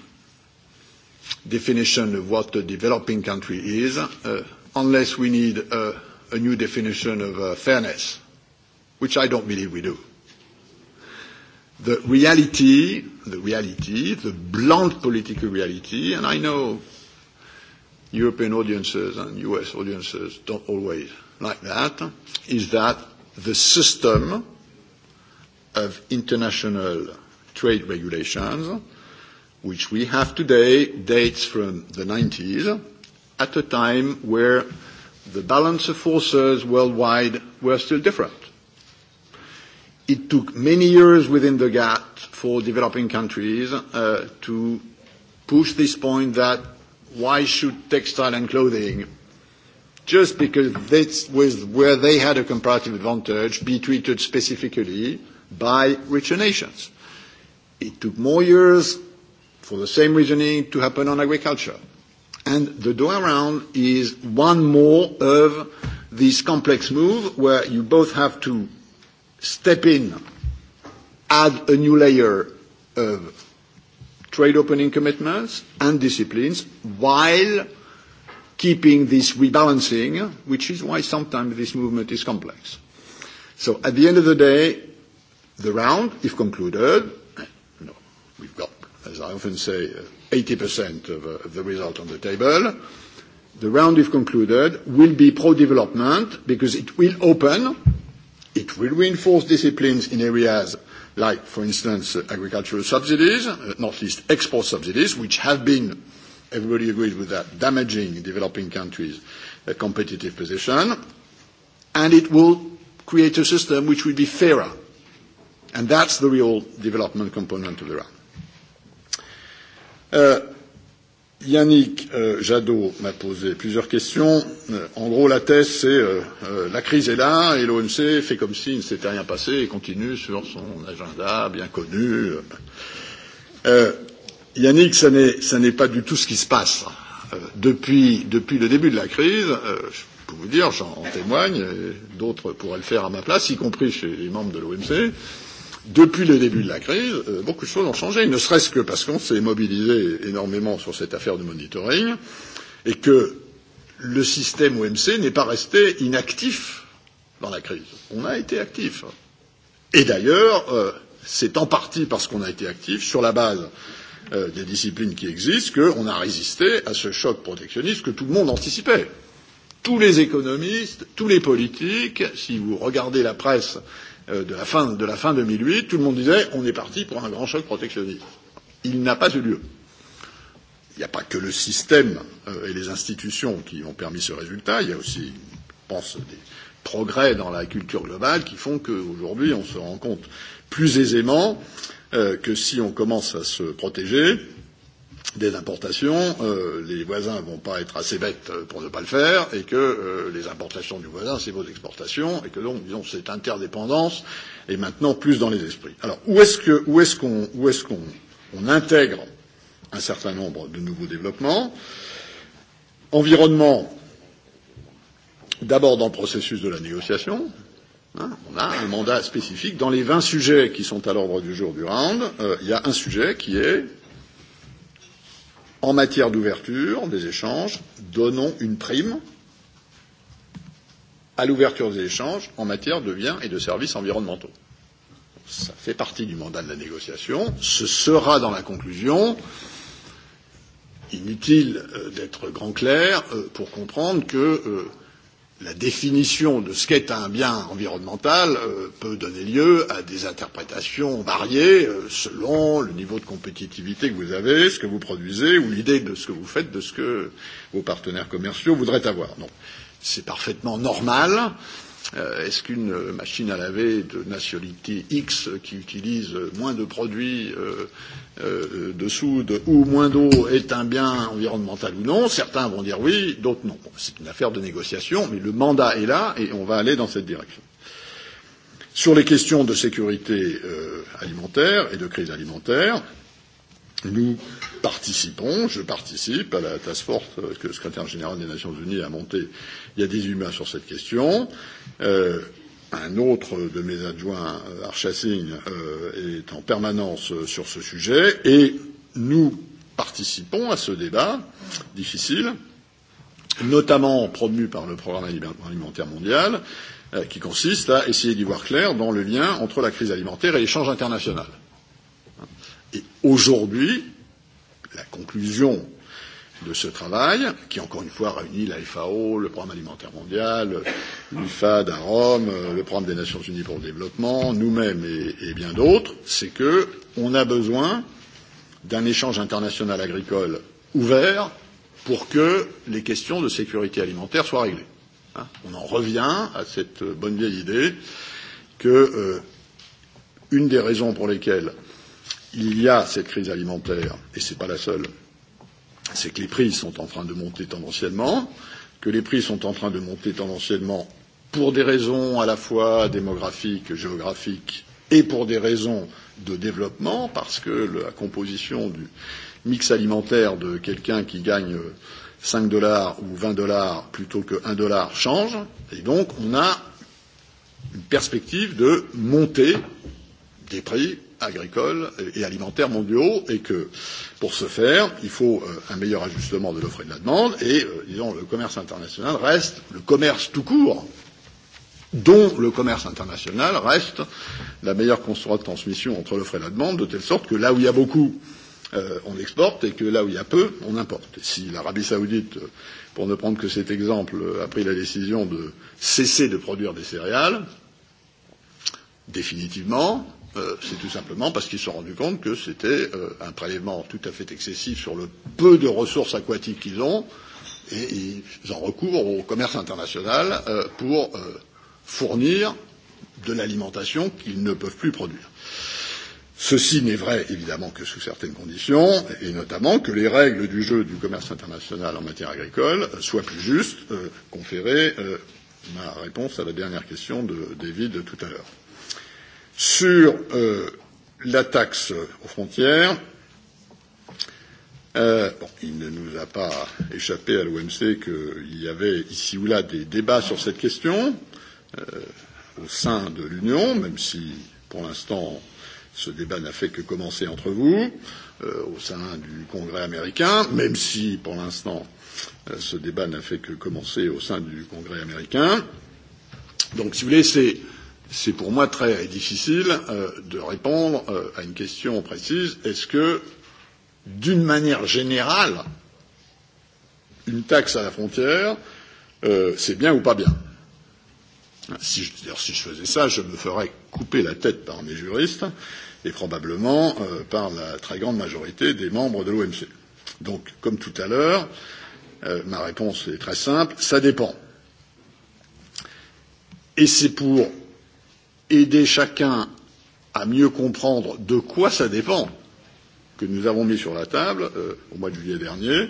definition of what a developing country is, uh, unless we need a, a new definition of uh, fairness, which I don't believe we do. The reality, the reality, the blunt political reality, and I know European audiences and US audiences don't always like that, is that the system of international trade regulations, which we have today, dates from the 90s, at a time where the balance of forces worldwide were still different. It took many years within the GATT for developing countries uh, to push this point that why should textile and clothing, just because that was where they had a comparative advantage, be treated specifically by richer nations. It took more years for the same reasoning to happen on agriculture. And the Doha round is one more of this complex move where you both have to step in, add a new layer of trade opening commitments and disciplines while keeping this rebalancing, which is why sometimes this movement is complex. So at the end of the day, The round, if concluded, no, we've got, as I often say, 80% uh, of, uh, of the result on the table. The round, if concluded, will be pro-development because it will open, it will reinforce disciplines in areas like, for instance, uh, agricultural subsidies, uh, not least export subsidies, which have been, everybody agrees with that, damaging developing countries' competitive position. And it will create a system which will be fairer And that's the real development component of Iran. Euh, Yannick euh, Jadot m'a posé plusieurs questions. Euh, en gros, la thèse, c'est euh, euh, la crise est là et l'OMC fait comme s'il ne s'était rien passé et continue sur son agenda bien connu. Euh, Yannick, ça n'est pas du tout ce qui se passe. Euh, depuis, depuis le début de la crise, euh, je peux vous dire, j'en témoigne, d'autres pourraient le faire à ma place, y compris chez les membres de l'OMC, depuis le début de la crise, euh, beaucoup de choses ont changé, ne serait-ce que parce qu'on s'est mobilisé énormément sur cette affaire de monitoring et que le système OMC n'est pas resté inactif dans la crise. On a été actif. Et d'ailleurs, euh, c'est en partie parce qu'on a été actif sur la base euh, des disciplines qui existent qu'on a résisté à ce choc protectionniste que tout le monde anticipait. Tous les économistes, tous les politiques, si vous regardez la presse Euh, de la fin de la fin 2008, tout le monde disait on est parti pour un grand choc protectionniste. Il n'a pas eu lieu. Il n'y a pas que le système euh, et les institutions qui ont permis ce résultat. Il y a aussi, je pense, des progrès dans la culture globale qui font qu'aujourd'hui on se rend compte plus aisément euh, que si on commence à se protéger, des importations, euh, les voisins ne vont pas être assez bêtes euh, pour ne pas le faire, et que euh, les importations du voisin, c'est vos exportations, et que donc, disons, cette interdépendance est maintenant plus dans les esprits. Alors, où est-ce que, où est-ce qu'on, où est-ce qu'on on intègre un certain nombre de nouveaux développements Environnement, d'abord dans le processus de la négociation, Hein, on a un mandat spécifique. Dans les 20 sujets qui sont à l'ordre du jour du round, euh, il y a un sujet qui est en matière d'ouverture des échanges, donnons une prime à l'ouverture des échanges en matière de biens et de services environnementaux. Ça fait partie du mandat de la négociation, ce sera dans la conclusion. Inutile euh, d'être grand clair euh, pour comprendre que euh, la définition de ce qu'est un bien environnemental euh, peut donner lieu à des interprétations variées euh, selon le niveau de compétitivité que vous avez, ce que vous produisez ou l'idée de ce que vous faites, de ce que vos partenaires commerciaux voudraient avoir. Donc, c'est parfaitement normal euh, euh, est-ce qu'une machine à laver de nationalité X qui utilise moins de produits euh, euh, de soude ou moins d'eau est un bien environnemental ou non Certains vont dire oui, d'autres non. Bon, c'est une affaire de négociation, mais le mandat est là et on va aller dans cette direction. Sur les questions de sécurité euh, alimentaire et de crise alimentaire, nous participons, je participe à la task force que le secrétaire général des Nations Unies a montée il y a 18 mois sur cette question. Euh, un autre de mes adjoints, euh, Archassing, euh, est en permanence euh, sur ce sujet et nous participons à ce débat difficile, notamment promu par le Programme alimentaire mondial, euh, qui consiste à essayer d'y voir clair dans le lien entre la crise alimentaire et l'échange international. Et aujourd'hui, la conclusion de ce travail, qui encore une fois réunit la FAO, le Programme alimentaire mondial, l'UFAD à Rome, le Programme des Nations Unies pour le développement, nous-mêmes et, et bien d'autres, c'est que on a besoin d'un échange international agricole ouvert pour que les questions de sécurité alimentaire soient réglées. Hein on en revient à cette bonne vieille idée que euh, une des raisons pour lesquelles il y a cette crise alimentaire, et ce n'est pas la seule, c'est que les prix sont en train de monter tendanciellement, que les prix sont en train de monter tendanciellement pour des raisons à la fois démographiques, géographiques et pour des raisons de développement, parce que la composition du mix alimentaire de quelqu'un qui gagne 5 euh, dollars ou 20 dollars plutôt que 1 dollar change, et donc on a une perspective de montée des prix agricoles et alimentaires mondiaux et que pour ce faire, il faut euh, un meilleur ajustement de l'offre et de la demande et, euh, disons, le commerce international reste le commerce tout court dont le commerce international reste la meilleure construction de transmission entre l'offre et la demande, de telle sorte que là où il y a beaucoup, euh, on exporte et que là où il y a peu, on importe. Et si l'Arabie saoudite, euh, pour ne prendre que cet exemple, a pris la décision de cesser de produire des céréales, définitivement, Euh, c'est tout simplement parce qu'ils se sont rendus compte que c'était euh, un prélèvement tout à fait excessif sur le peu de ressources aquatiques qu'ils ont et ils en recourent au commerce international euh, pour euh, fournir de l'alimentation qu'ils ne peuvent plus produire. Ceci n'est vrai évidemment que sous certaines conditions, et notamment que les règles du jeu du commerce international en matière agricole euh, soient plus justes, euh, conférer euh, ma réponse à la dernière question de David tout à l'heure. Sur euh, la taxe aux frontières, euh, bon, il ne nous a pas échappé à l'OMC qu'il y avait ici ou là des débats sur cette question euh, au sein de l'Union, même si pour l'instant ce débat n'a fait que commencer entre vous, euh, au sein du Congrès américain, même si pour l'instant euh, ce débat n'a fait que commencer au sein du Congrès américain. Donc si vous voulez, c'est c'est pour moi très difficile euh, de répondre euh, à une question précise. Est-ce que, d'une manière générale, une taxe à la frontière, euh, c'est bien ou pas bien si je, si je faisais ça, je me ferais couper la tête par mes juristes et probablement euh, par la très grande majorité des membres de l'OMC. Donc, comme tout à l'heure, euh, ma réponse est très simple, ça dépend. Et c'est pour aider chacun à mieux comprendre de quoi ça dépend que nous avons mis sur la table euh, au mois de juillet dernier,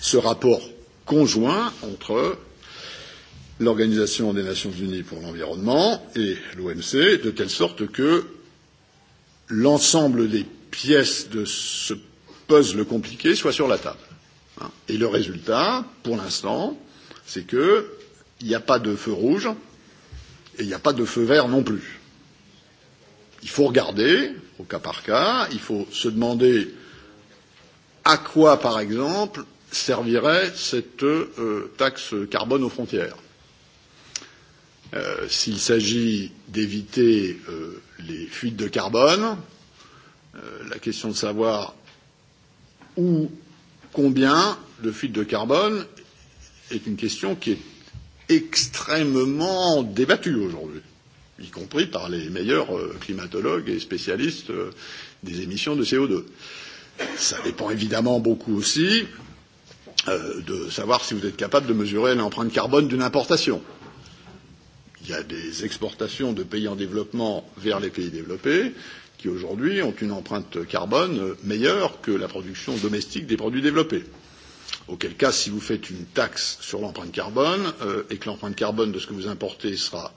ce rapport conjoint entre l'Organisation des Nations Unies pour l'environnement et l'OMC, de telle sorte que l'ensemble des pièces de ce puzzle compliqué soit sur la table. Et le résultat, pour l'instant, c'est qu'il n'y a pas de feu rouge, Et il n'y a pas de feu vert non plus. Il faut regarder au cas par cas, il faut se demander à quoi, par exemple, servirait cette euh, taxe carbone aux frontières. Euh, S'il s'agit d'éviter euh, les fuites de carbone, euh, la question de savoir où, combien de fuites de carbone est une question qui est extrêmement débattu aujourd'hui, y compris par les meilleurs euh, climatologues et spécialistes euh, des émissions de CO2. Ça dépend évidemment beaucoup aussi euh, de savoir si vous êtes capable de mesurer l'empreinte carbone d'une importation. Il y a des exportations de pays en développement vers les pays développés qui aujourd'hui ont une empreinte carbone meilleure que la production domestique des produits développés. Auquel cas, si vous faites une taxe sur l'empreinte carbone euh, et que l'empreinte carbone de ce que vous importez sera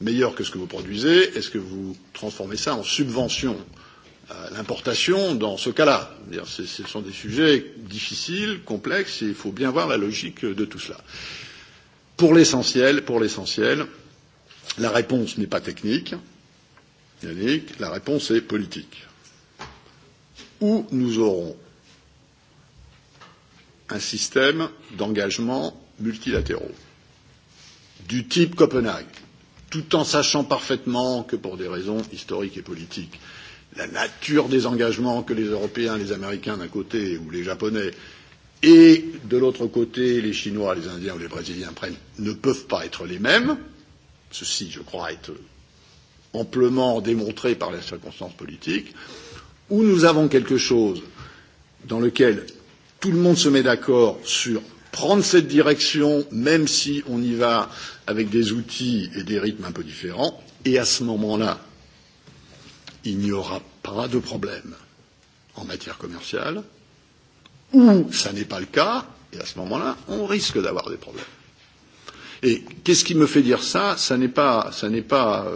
meilleure que ce que vous produisez, est-ce que vous transformez ça en subvention à l'importation dans ce cas-là Ce sont des sujets difficiles, complexes, et il faut bien voir la logique de tout cela. Pour l'essentiel, pour l'essentiel, la réponse n'est pas technique, Yannick, la réponse est politique. Ou nous aurons un système d'engagement multilatéraux du type Copenhague, tout en sachant parfaitement que pour des raisons historiques et politiques, la nature des engagements que les Européens, les Américains d'un côté ou les Japonais et de l'autre côté les Chinois, les Indiens ou les Brésiliens prennent ne peuvent pas être les mêmes. Ceci, je crois, est amplement démontré par les circonstances politiques, où nous avons quelque chose dans lequel tout le monde se met d'accord sur prendre cette direction, même si on y va avec des outils et des rythmes un peu différents, et à ce moment-là, il n'y aura pas de problème en matière commerciale, ou ça n'est pas le cas, et à ce moment-là, on risque d'avoir des problèmes. Et qu'est-ce qui me fait dire ça Ça n'est pas, ça n'est pas,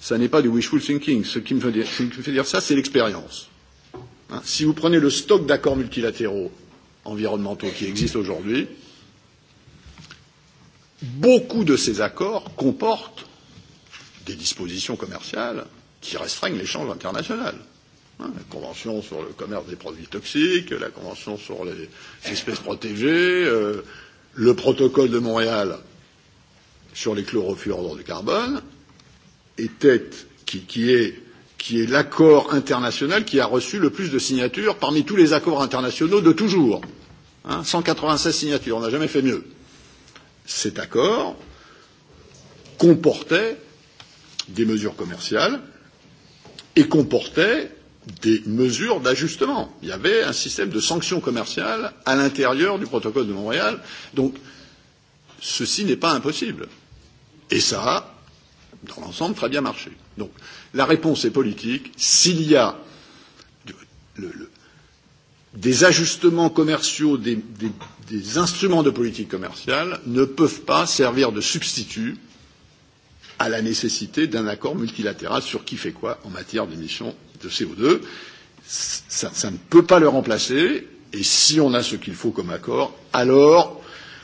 ça n'est pas du wishful thinking. Ce qui me fait dire, ce qui me fait dire ça, c'est l'expérience. Hein si vous prenez le stock d'accords multilatéraux environnementaux qui existent aujourd'hui, beaucoup de ces accords comportent des dispositions commerciales qui restreignent l'échange international. la Convention sur le commerce des produits toxiques, la Convention sur les espèces protégées, euh, le protocole de Montréal sur les chlorofluorures du carbone, était, qui, qui est qui est l'accord international qui a reçu le plus de signatures parmi tous les accords internationaux de toujours. Hein, 196 signatures, on n'a jamais fait mieux. Cet accord comportait des mesures commerciales et comportait des mesures d'ajustement. Il y avait un système de sanctions commerciales à l'intérieur du protocole de Montréal. Donc, ceci n'est pas impossible. Et ça a, dans l'ensemble, très bien marché. Donc, euh, la réponse est politique. S'il y a de, le, le, des ajustements commerciaux, des, des, des instruments de politique commerciale ne peuvent pas servir de substitut à la nécessité d'un accord multilatéral sur qui fait quoi en matière d'émissions de CO2. Ça, ça ne peut pas le remplacer. Et si on a ce qu'il faut comme accord, alors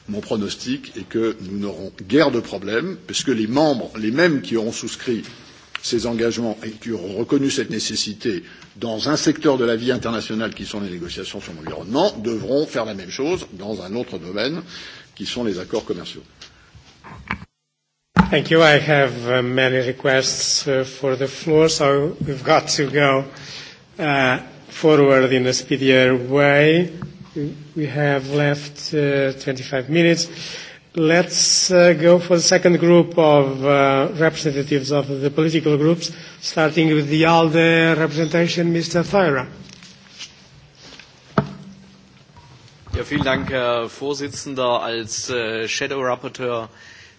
mon pronostic est que nous n'aurons guère de problèmes, puisque les membres, les mêmes qui auront souscrit ces engagements et qui auront reconnu cette nécessité dans un secteur de la vie internationale qui sont les négociations sur l'environnement devront faire la même chose dans un autre domaine qui sont les accords commerciaux. Thank you. I have uh, many requests uh, for the floor, so we've got to go uh, forward in a speedier way. We have left uh, 25 minutes. Let's uh, go for the second group of uh, representatives of the political groups, starting with the ALDE representation, Mr. Thyra. Ja, vielen Dank, Herr Vorsitzender. Als äh, Shadow Rapporteur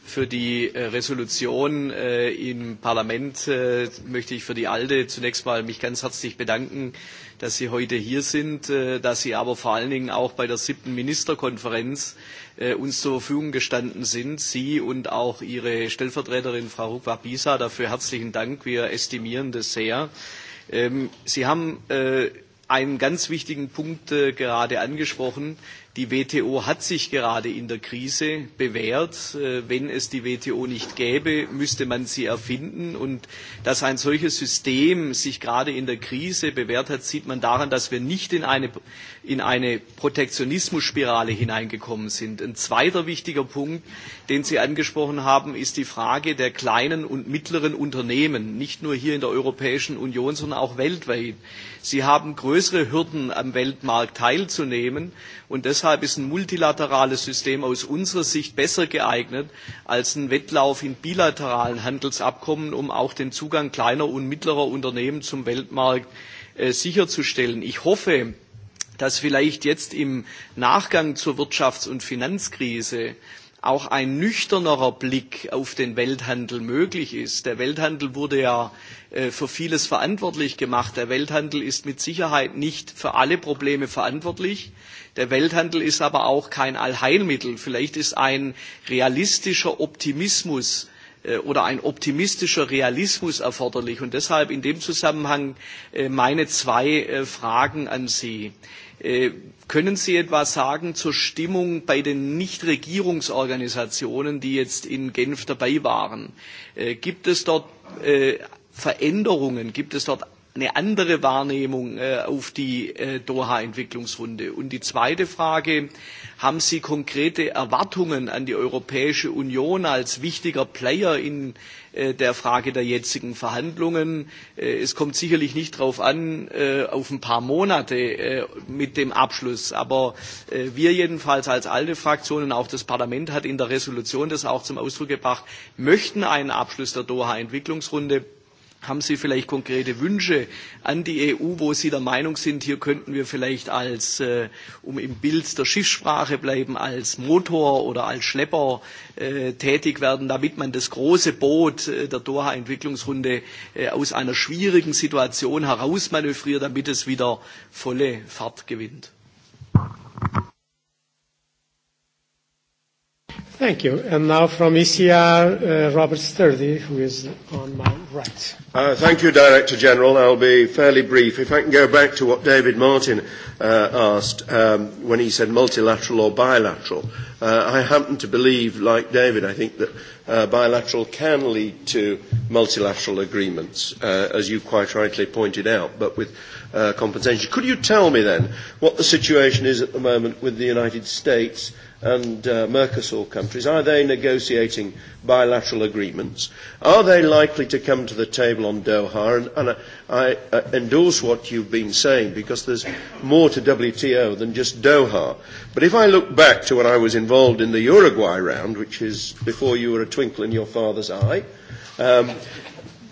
für die äh, Resolution äh, im Parlament äh, möchte ich für die ALDE zunächst mal mich ganz herzlich bedanken äh, dass Sie heute hier sind, äh, dass Sie aber vor allen Dingen auch bei der siebten Ministerkonferenz äh, uns zur Verfügung gestanden sind. Sie und auch Ihre Stellvertreterin Frau Rukwa-Bisa, dafür herzlichen Dank. Wir estimieren das sehr. Ähm, Sie haben äh, einen ganz wichtigen Punkt gerade angesprochen Die WTO hat sich gerade in der Krise bewährt. Äh, wenn es die WTO nicht gäbe, müsste man sie erfinden. Und dass ein solches System sich gerade in der Krise bewährt hat, sieht man daran, dass wir nicht in eine, in eine Protektionismusspirale hineingekommen sind. Ein zweiter wichtiger Punkt, den Sie angesprochen haben, ist die Frage der kleinen und mittleren Unternehmen, nicht nur hier in der Europäischen Union, sondern auch weltweit. Sie haben größere Hürden, am Weltmarkt teilzunehmen. Und deshalb deshalb ist ein multilaterales System aus unserer Sicht besser geeignet als ein Wettlauf in bilateralen Handelsabkommen, um auch den Zugang kleiner und mittlerer Unternehmen zum Weltmarkt äh, sicherzustellen. Ich hoffe, dass vielleicht jetzt im Nachgang zur Wirtschafts- und Finanzkrise auch ein nüchternerer Blick auf den Welthandel möglich ist. Der Welthandel wurde ja äh, für vieles verantwortlich gemacht. Der Welthandel ist mit Sicherheit nicht für alle Probleme verantwortlich. Der Welthandel ist aber auch kein Allheilmittel. Vielleicht ist ein realistischer Optimismus Äh, oder ein optimistischer Realismus erforderlich. Und deshalb in dem Zusammenhang äh, meine zwei äh, Fragen an Sie. Können Sie etwas sagen zur Stimmung bei den Nichtregierungsorganisationen, die jetzt in Genf dabei waren? Gibt es dort Veränderungen? Gibt es dort eine andere Wahrnehmung äh, auf die äh, Doha-Entwicklungsrunde? Und die zweite Frage, haben Sie konkrete Erwartungen an die Europäische Union als wichtiger Player in äh, der Frage der jetzigen Verhandlungen? Äh, es kommt sicherlich nicht darauf an, äh, auf ein paar Monate äh, mit dem Abschluss, aber äh, wir jedenfalls als alte Fraktion und auch das Parlament hat in der Resolution das auch zum Ausdruck gebracht, möchten einen Abschluss der Doha-Entwicklungsrunde Haben Sie vielleicht konkrete Wünsche an die EU, wo Sie der Meinung sind, hier könnten wir vielleicht als, äh, um im Bild der Schiffssprache bleiben, als Motor oder als Schlepper äh, tätig werden, damit man das große Boot äh, der Doha-Entwicklungsrunde äh, aus einer schwierigen Situation herausmanövriert, damit es wieder volle Fahrt gewinnt? Thank you. And now from ECR, uh, Robert Sturdy, who is on my right. Uh, thank you, Director General. I'll be fairly brief. If I can go back to what David Martin uh, asked um, when he said multilateral or bilateral, uh, I happen to believe, like David, I think that uh, bilateral can lead to multilateral agreements, uh, as you quite rightly pointed out, but with uh, compensation. Could you tell me then what the situation is at the moment with the United States? and uh, Mercosur countries? Are they negotiating bilateral agreements? Are they likely to come to the table on Doha? And, and I, I endorse what you've been saying because there's more to WTO than just Doha. But if I look back to when I was involved in the Uruguay round, which is before you were a twinkle in your father's eye, um,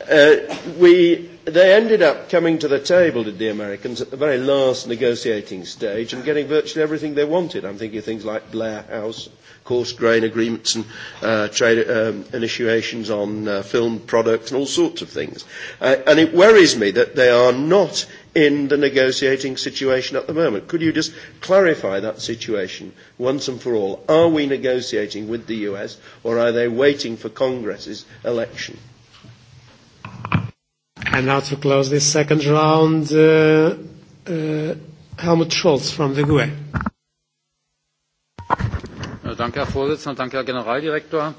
uh, we they ended up coming to the table, did the Americans, at the very last negotiating stage and getting virtually everything they wanted. I'm thinking of things like Blair House, coarse grain agreements and uh, trade um, initiations on uh, film products and all sorts of things. Uh, and it worries me that they are not in the negotiating situation at the moment. Could you just clarify that situation once and for all? Are we negotiating with the US or are they waiting for Congress's election? And now to close this second round, uh, uh, Helmut Scholz from the GUE. Äh, danke, Herr Vorsitzender, danke, Herr Generaldirektor.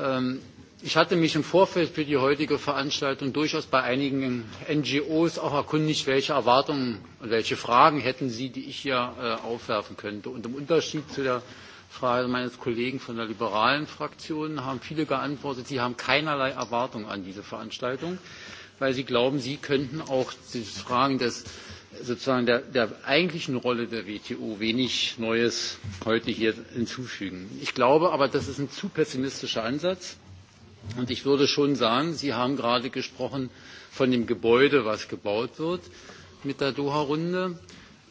Ähm, ich hatte mich im Vorfeld für die heutige Veranstaltung durchaus bei einigen NGOs auch erkundigt, welche Erwartungen und welche Fragen hätten Sie, die ich hier äh, aufwerfen könnte. Und im Unterschied zu der Frage meines Kollegen von der liberalen Fraktion haben viele geantwortet, sie haben keinerlei Erwartungen an diese Veranstaltung weil sie glauben sie könnten auch die fragen des, sozusagen der, der eigentlichen rolle der wto wenig neues heute hier hinzufügen. ich glaube aber das ist ein zu pessimistischer ansatz und ich würde schon sagen sie haben gerade gesprochen von dem gebäude das gebaut wird mit der doha runde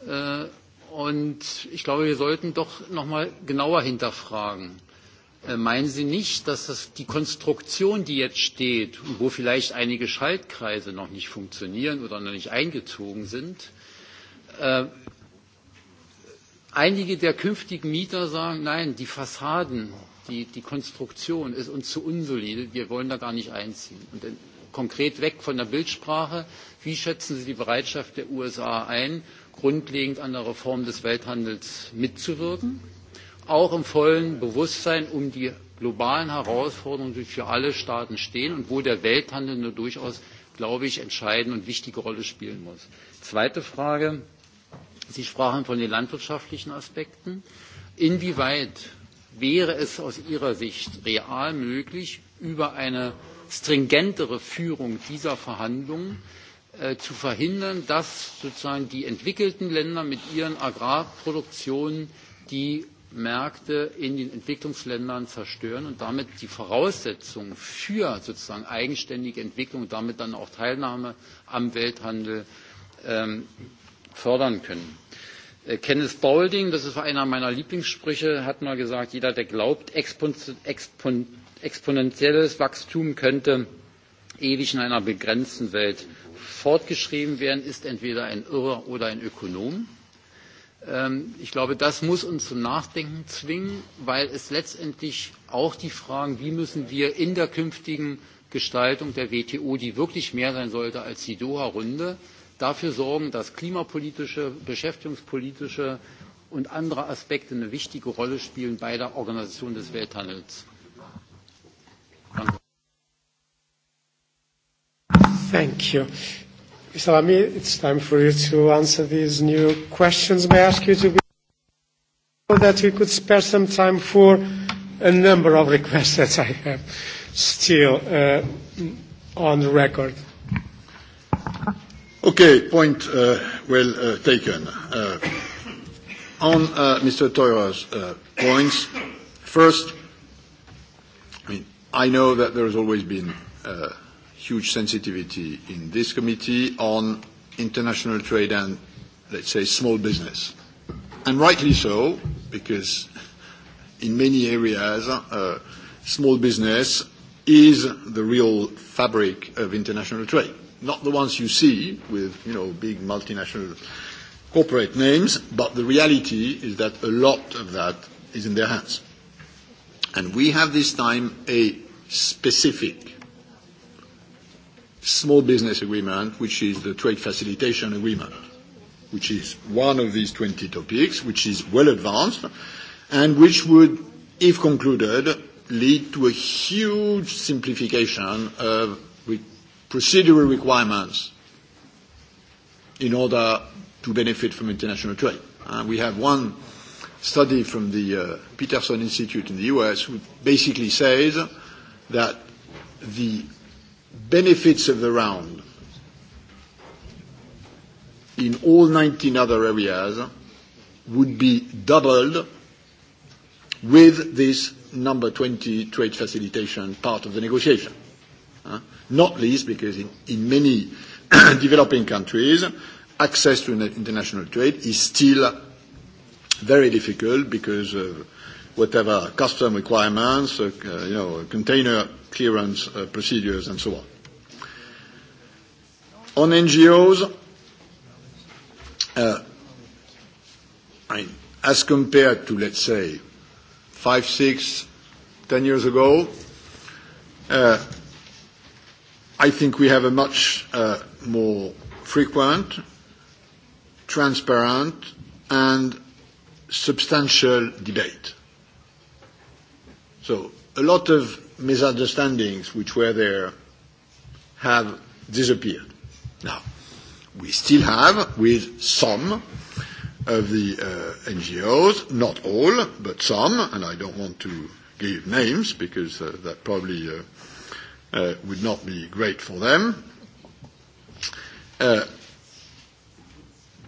äh, und ich glaube wir sollten doch noch mal genauer hinterfragen Äh, meinen Sie nicht, dass das die Konstruktion, die jetzt steht, wo vielleicht einige Schaltkreise noch nicht funktionieren oder noch nicht eingezogen sind, äh, einige der künftigen Mieter sagen, nein, die Fassaden, die, die Konstruktion ist uns zu unsolide, wir wollen da gar nicht einziehen. Und in, konkret weg von der Bildsprache, wie schätzen Sie die Bereitschaft der USA ein, grundlegend an der Reform des Welthandels mitzuwirken? Mhm auch im vollen bewusstsein um die globalen herausforderungen die für alle staaten stehen und wo der welthandel nur durchaus glaube ich entscheidende und wichtige rolle spielen muss. zweite frage sie sprachen von den landwirtschaftlichen aspekten inwieweit wäre es aus ihrer sicht real möglich über eine stringentere führung dieser verhandlungen äh, zu verhindern dass sozusagen die entwickelten länder mit ihren agrarproduktionen die Märkte in den Entwicklungsländern zerstören und damit die Voraussetzungen für sozusagen eigenständige Entwicklung und damit dann auch Teilnahme am Welthandel ähm, fördern können. Äh, Kenneth Boulding, das ist einer meiner Lieblingssprüche, hat mal gesagt, jeder, der glaubt, expon expon exponentielles Wachstum könnte ewig in einer begrenzten Welt fortgeschrieben werden, ist entweder ein Irrer oder ein Ökonom Ähm, ich glaube, das muss uns zum Nachdenken zwingen, weil es letztendlich auch die Fragen, wie müssen wir in der künftigen Gestaltung der WTO, die wirklich mehr sein sollte als die Doha-Runde, dafür sorgen, dass klimapolitische, beschäftigungspolitische und andere Aspekte eine wichtige Rolle spielen bei der Organisation des Welthandels. Danke. Thank you. Mr. it's time for you to answer these new questions. May I ask you to be so that we could spare some time for a number of requests that I have still uh, on the record. Okay, point uh, well uh, taken. Uh, on uh, Mr. Toira's uh, points, first, I mean, I know that there has always been uh, huge sensitivity in this committee on international trade and, let's say, small business. And rightly so, because in many areas, uh, small business is the real fabric of international trade. Not the ones you see with, you know, big multinational corporate names, but the reality is that a lot of that is in their hands. And we have this time a specific small business agreement, which is the trade facilitation agreement, which is one of these 20 topics, which is well advanced, and which would, if concluded, lead to a huge simplification of re- procedural requirements in order to benefit from international trade. Uh, we have one study from the uh, Peterson Institute in the US, which basically says that the benefits of the round in all 19 other areas would be doubled with this number 20 trade facilitation part of the negotiation. Uh, not least because in, in many [COUGHS] developing countries, access to international trade is still very difficult because of whatever custom requirements, uh, you know, container clearance uh, procedures and so on. On NGOs, uh, I, as compared to, let's say, five, six, ten years ago, uh, I think we have a much uh, more frequent, transparent, and substantial debate. So a lot of misunderstandings which were there have disappeared. Now, we still have with some of the uh, NGOs, not all, but some, and I don't want to give names because uh, that probably uh, uh, would not be great for them. Uh,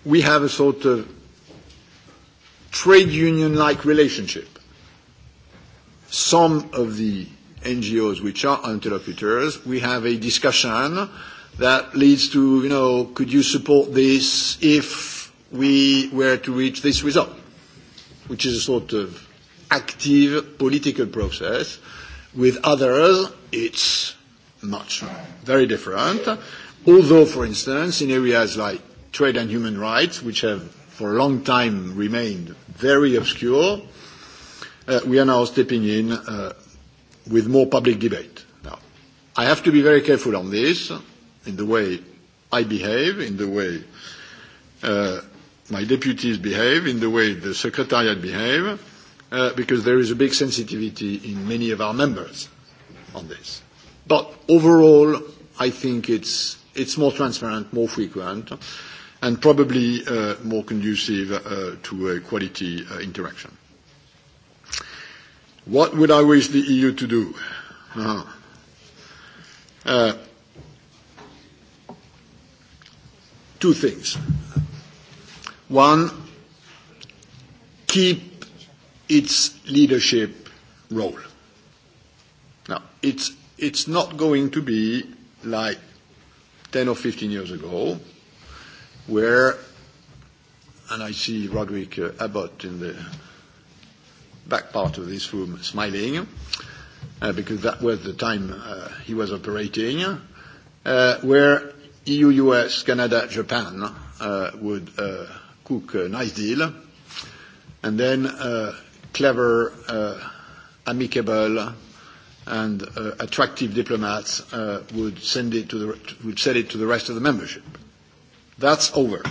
we have a sort of trade union-like relationship. Some of the NGOs, which are interlocutors, we have a discussion that leads to, you know, could you support this if we were to reach this result, which is a sort of active political process. With others, it's much very different. Although, for instance, in areas like trade and human rights, which have for a long time remained very obscure, uh, we are now stepping in uh, with more public debate. Now, I have to be very careful on this, in the way I behave, in the way uh, my deputies behave, in the way the secretariat behave, uh, because there is a big sensitivity in many of our members on this. But overall, I think it's, it's more transparent, more frequent, and probably uh, more conducive uh, to a quality uh, interaction. What would I wish the EU to do? Uh, uh, two things. One, keep its leadership role. Now, it's, it's not going to be like 10 or 15 years ago, where, and I see Roderick uh, Abbott in the back part of this room smiling, uh, because that was the time uh, he was operating, uh, where EU, US, Canada, Japan uh, would uh, cook a nice deal, and then uh, clever, uh, amicable, and uh, attractive diplomats uh, would send it to the would sell it to the rest of the membership. That's over.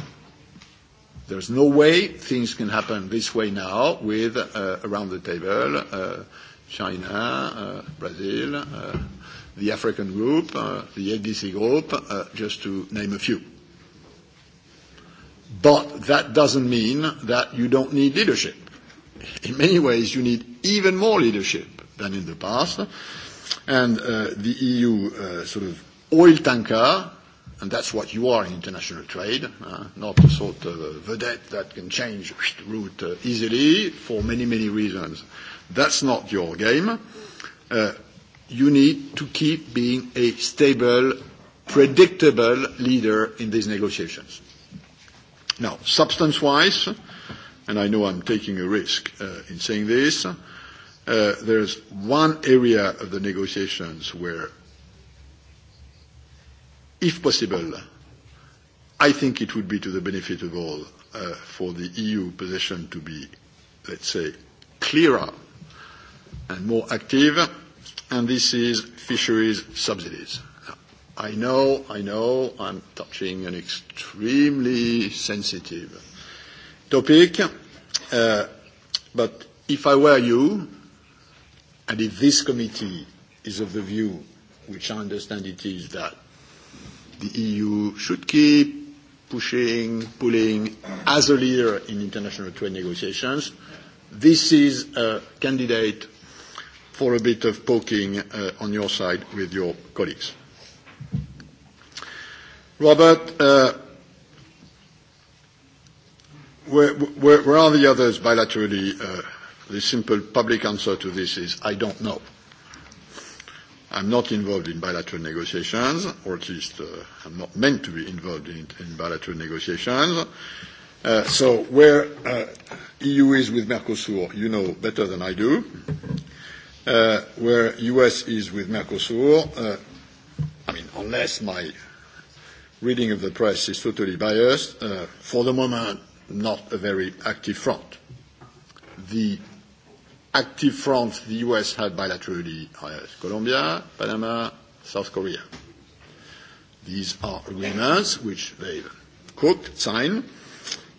There's no way things can happen this way now with uh, around the table uh, China, uh, Brazil, uh, the African group, uh, the ADC group, uh, just to name a few. But that doesn't mean that you don't need leadership. In many ways, you need even more leadership than in the past. And uh, the EU uh, sort of oil tanker And that's what you are in international trade, uh, not a sort of a vedette that can change [SNIFFS] route uh, easily for many, many reasons. That's not your game. Uh, you need to keep being a stable, predictable leader in these negotiations. Now, substance-wise, and I know I'm taking a risk uh, in saying this, uh, there's one area of the negotiations where if possible, I think it would be to the benefit of all uh, for the EU position to be, let's say, clearer and more active, and this is fisheries subsidies. I know, I know, I'm touching an extremely sensitive topic, uh, but if I were you, and if this committee is of the view, which I understand it is, that the EU should keep pushing, pulling as a leader in international trade negotiations. This is a candidate for a bit of poking uh, on your side with your colleagues. Robert, uh, where, where, where are the others bilaterally? Uh, the simple public answer to this is I don't know. I'm not involved in bilateral negotiations, or at least uh, I'm not meant to be involved in, in bilateral negotiations. Uh, so where uh, EU is with Mercosur, you know better than I do. Uh, where US is with Mercosur, uh, I mean, unless my reading of the press is totally biased, uh, for the moment, not a very active front. The active fronts the U.S. had bilaterally with uh, Colombia, Panama, South Korea. These are agreements which they cooked, signed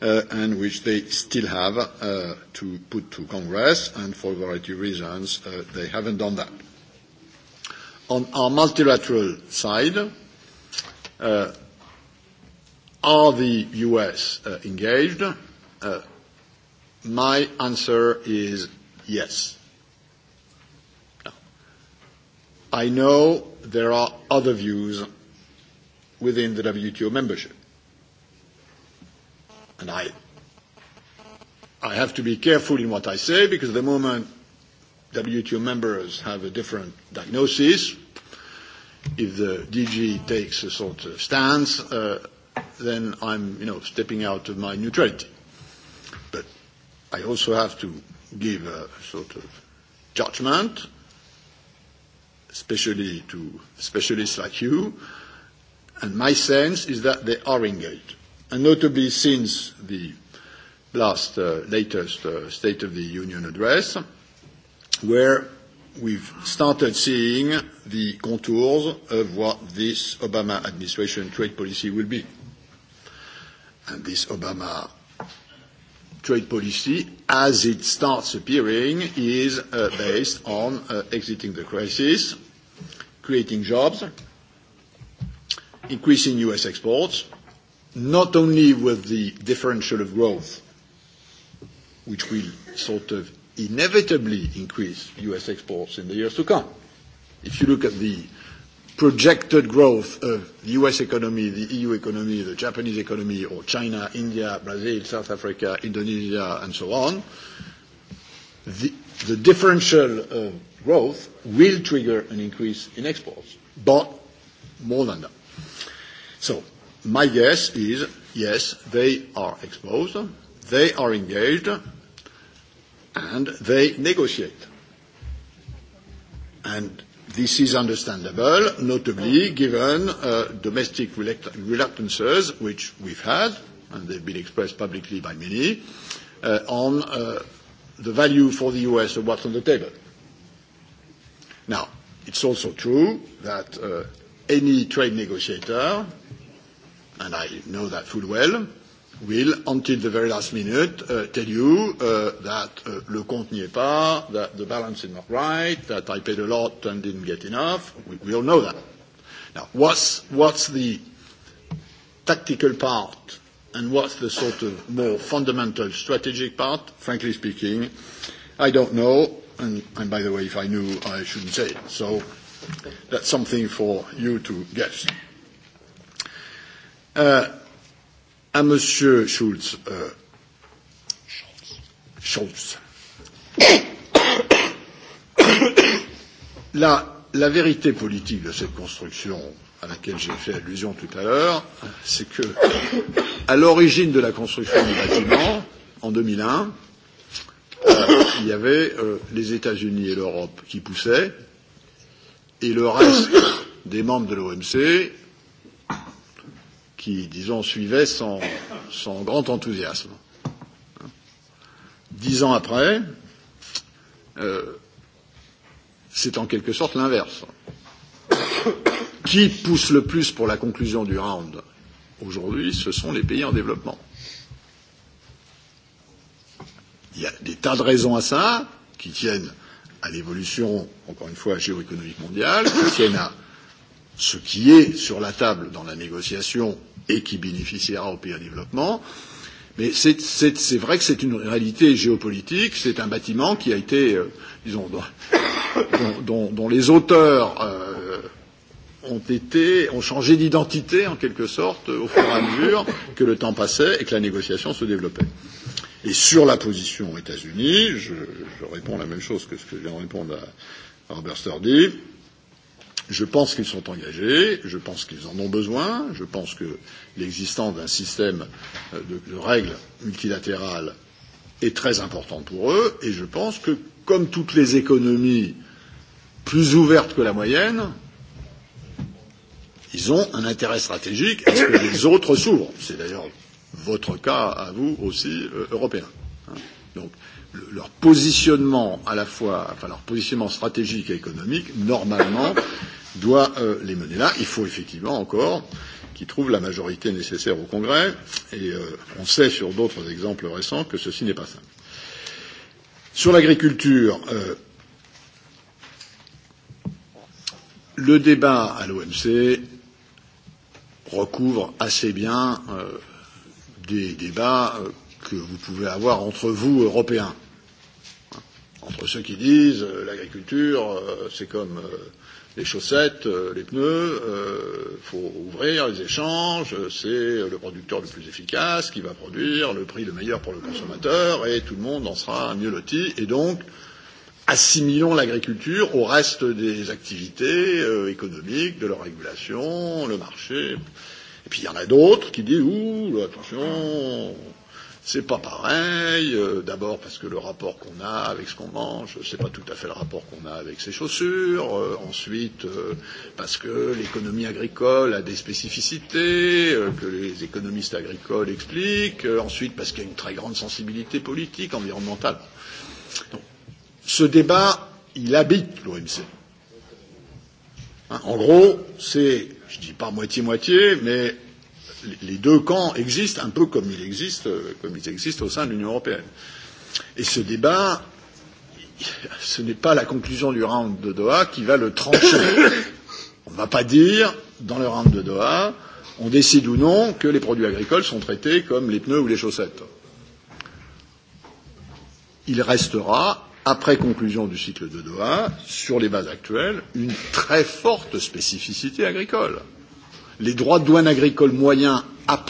uh, and which they still have uh, to put to Congress, and for a variety of reasons, uh, they haven't done that. On our multilateral side, uh, are the U.S. Uh, engaged? Uh, my answer is Yes. No. I know there are other views within the WTO membership. And I, I have to be careful in what I say because the moment WTO members have a different diagnosis, if the DG takes a sort of stance, uh, then I'm, you know, stepping out of my neutrality. But I also have to give a sort of judgment, especially to specialists like you. And my sense is that they are engaged, and notably since the last uh, latest uh, State of the Union address, where we've started seeing the contours of what this Obama administration trade policy will be. And this Obama trade policy as it starts appearing is uh, based on uh, exiting the crisis, creating jobs, increasing U.S. exports, not only with the differential of growth, which will sort of inevitably increase U.S. exports in the years to come. If you look at the projected growth of the US economy, the EU economy, the Japanese economy, or China, India, Brazil, South Africa, Indonesia, and so on, the, the differential uh, growth will trigger an increase in exports, but more than that. So my guess is, yes, they are exposed, they are engaged, and they negotiate. And This is understandable, notably given uh, domestic reluctances, which we've had, and they've been expressed publicly by many, uh, on uh, the value for the U.S. of what's on the table. Now, it's also true that uh, any trade negotiator, and I know that full well, will, until the very last minute, uh, tell you uh, that uh, le compte n'y est pas, that the balance is not right, that I paid a lot and didn't get enough. We, we all know that. Now, what's, what's the tactical part and what's the sort of more fundamental strategic part? Frankly speaking, I don't know. And, and by the way, if I knew, I shouldn't say it. So that's something for you to guess. Uh, à M. Schulz. Euh, Schulz. [COUGHS] La, la vérité politique de cette construction à laquelle j'ai fait allusion tout à l'heure, c'est que, à l'origine de la construction du bâtiment, en 2001, euh, il y avait euh, les États-Unis et l'Europe qui poussaient, et le reste [COUGHS] des membres de l'OMC qui, disons, suivait sans, sans grand enthousiasme. Dix ans après, euh, c'est en quelque sorte l'inverse. Qui pousse le plus pour la conclusion du round aujourd'hui Ce sont les pays en développement. Il y a des tas de raisons à ça, qui tiennent à l'évolution, encore une fois, géoéconomique mondiale, qui tiennent à ce qui est sur la table dans la négociation et qui bénéficiera au pays en développement. Mais c'est vrai que c'est une réalité géopolitique, c'est un bâtiment qui a été, euh, disons, [COUGHS] dont, dont, dont les auteurs euh, ont été, ont changé d'identité en quelque sorte au fur et à mesure que le temps passait et que la négociation se développait. Et sur la position aux États-Unis, je, je réponds la même chose que ce que je viens de répondre à Robert Sturdy. Je pense qu'ils sont engagés, je pense qu'ils en ont besoin, je pense que l'existence d'un système euh, de, de règles multilatérales est très importante pour eux, et je pense que, comme toutes les économies plus ouvertes que la moyenne, ils ont un intérêt stratégique à ce que les autres s'ouvrent. C'est d'ailleurs votre cas à vous aussi, euh, européens. Hein. Donc, le, leur positionnement à la fois, enfin leur positionnement stratégique et économique, normalement, doit euh, les mener là. Il faut effectivement encore qu'il trouve la majorité nécessaire au Congrès, et euh, on sait sur d'autres exemples récents que ceci n'est pas simple. Sur l'agriculture, euh, le débat à l'OMC recouvre assez bien euh, des débats euh, que vous pouvez avoir entre vous, Européens. Entre ceux qui disent euh, l'agriculture, euh, c'est comme euh, les chaussettes, euh, les pneus, euh, faut ouvrir les échanges, c'est le producteur le plus efficace qui va produire le prix le meilleur pour le consommateur et tout le monde en sera mieux loti et donc assimilons l'agriculture au reste des activités euh, économiques, de leur régulation, le marché. Et puis il y en a d'autres qui disent ouh attention, C'est pas pareil, euh, d'abord parce que le rapport qu'on a avec ce qu'on mange, c'est pas tout à fait le rapport qu'on a avec ses chaussures, euh, ensuite euh, parce que l'économie agricole a des spécificités euh, que les économistes agricoles expliquent, euh, ensuite parce qu'il y a une très grande sensibilité politique, environnementale. Donc, ce débat, il habite l'OMC. Hein, en gros, c'est, je dis pas moitié-moitié, mais les deux camps existent un peu comme ils existent, euh, comme ils existent au sein de l'Union européenne. Et ce débat, ce n'est pas la conclusion du round de Doha qui va le trancher. On ne va pas dire, dans le round de Doha, on décide ou non que les produits agricoles sont traités comme les pneus ou les chaussettes. Il restera, après conclusion du cycle de Doha, sur les bases actuelles, une très forte spécificité agricole les droits de douane agricole moyens après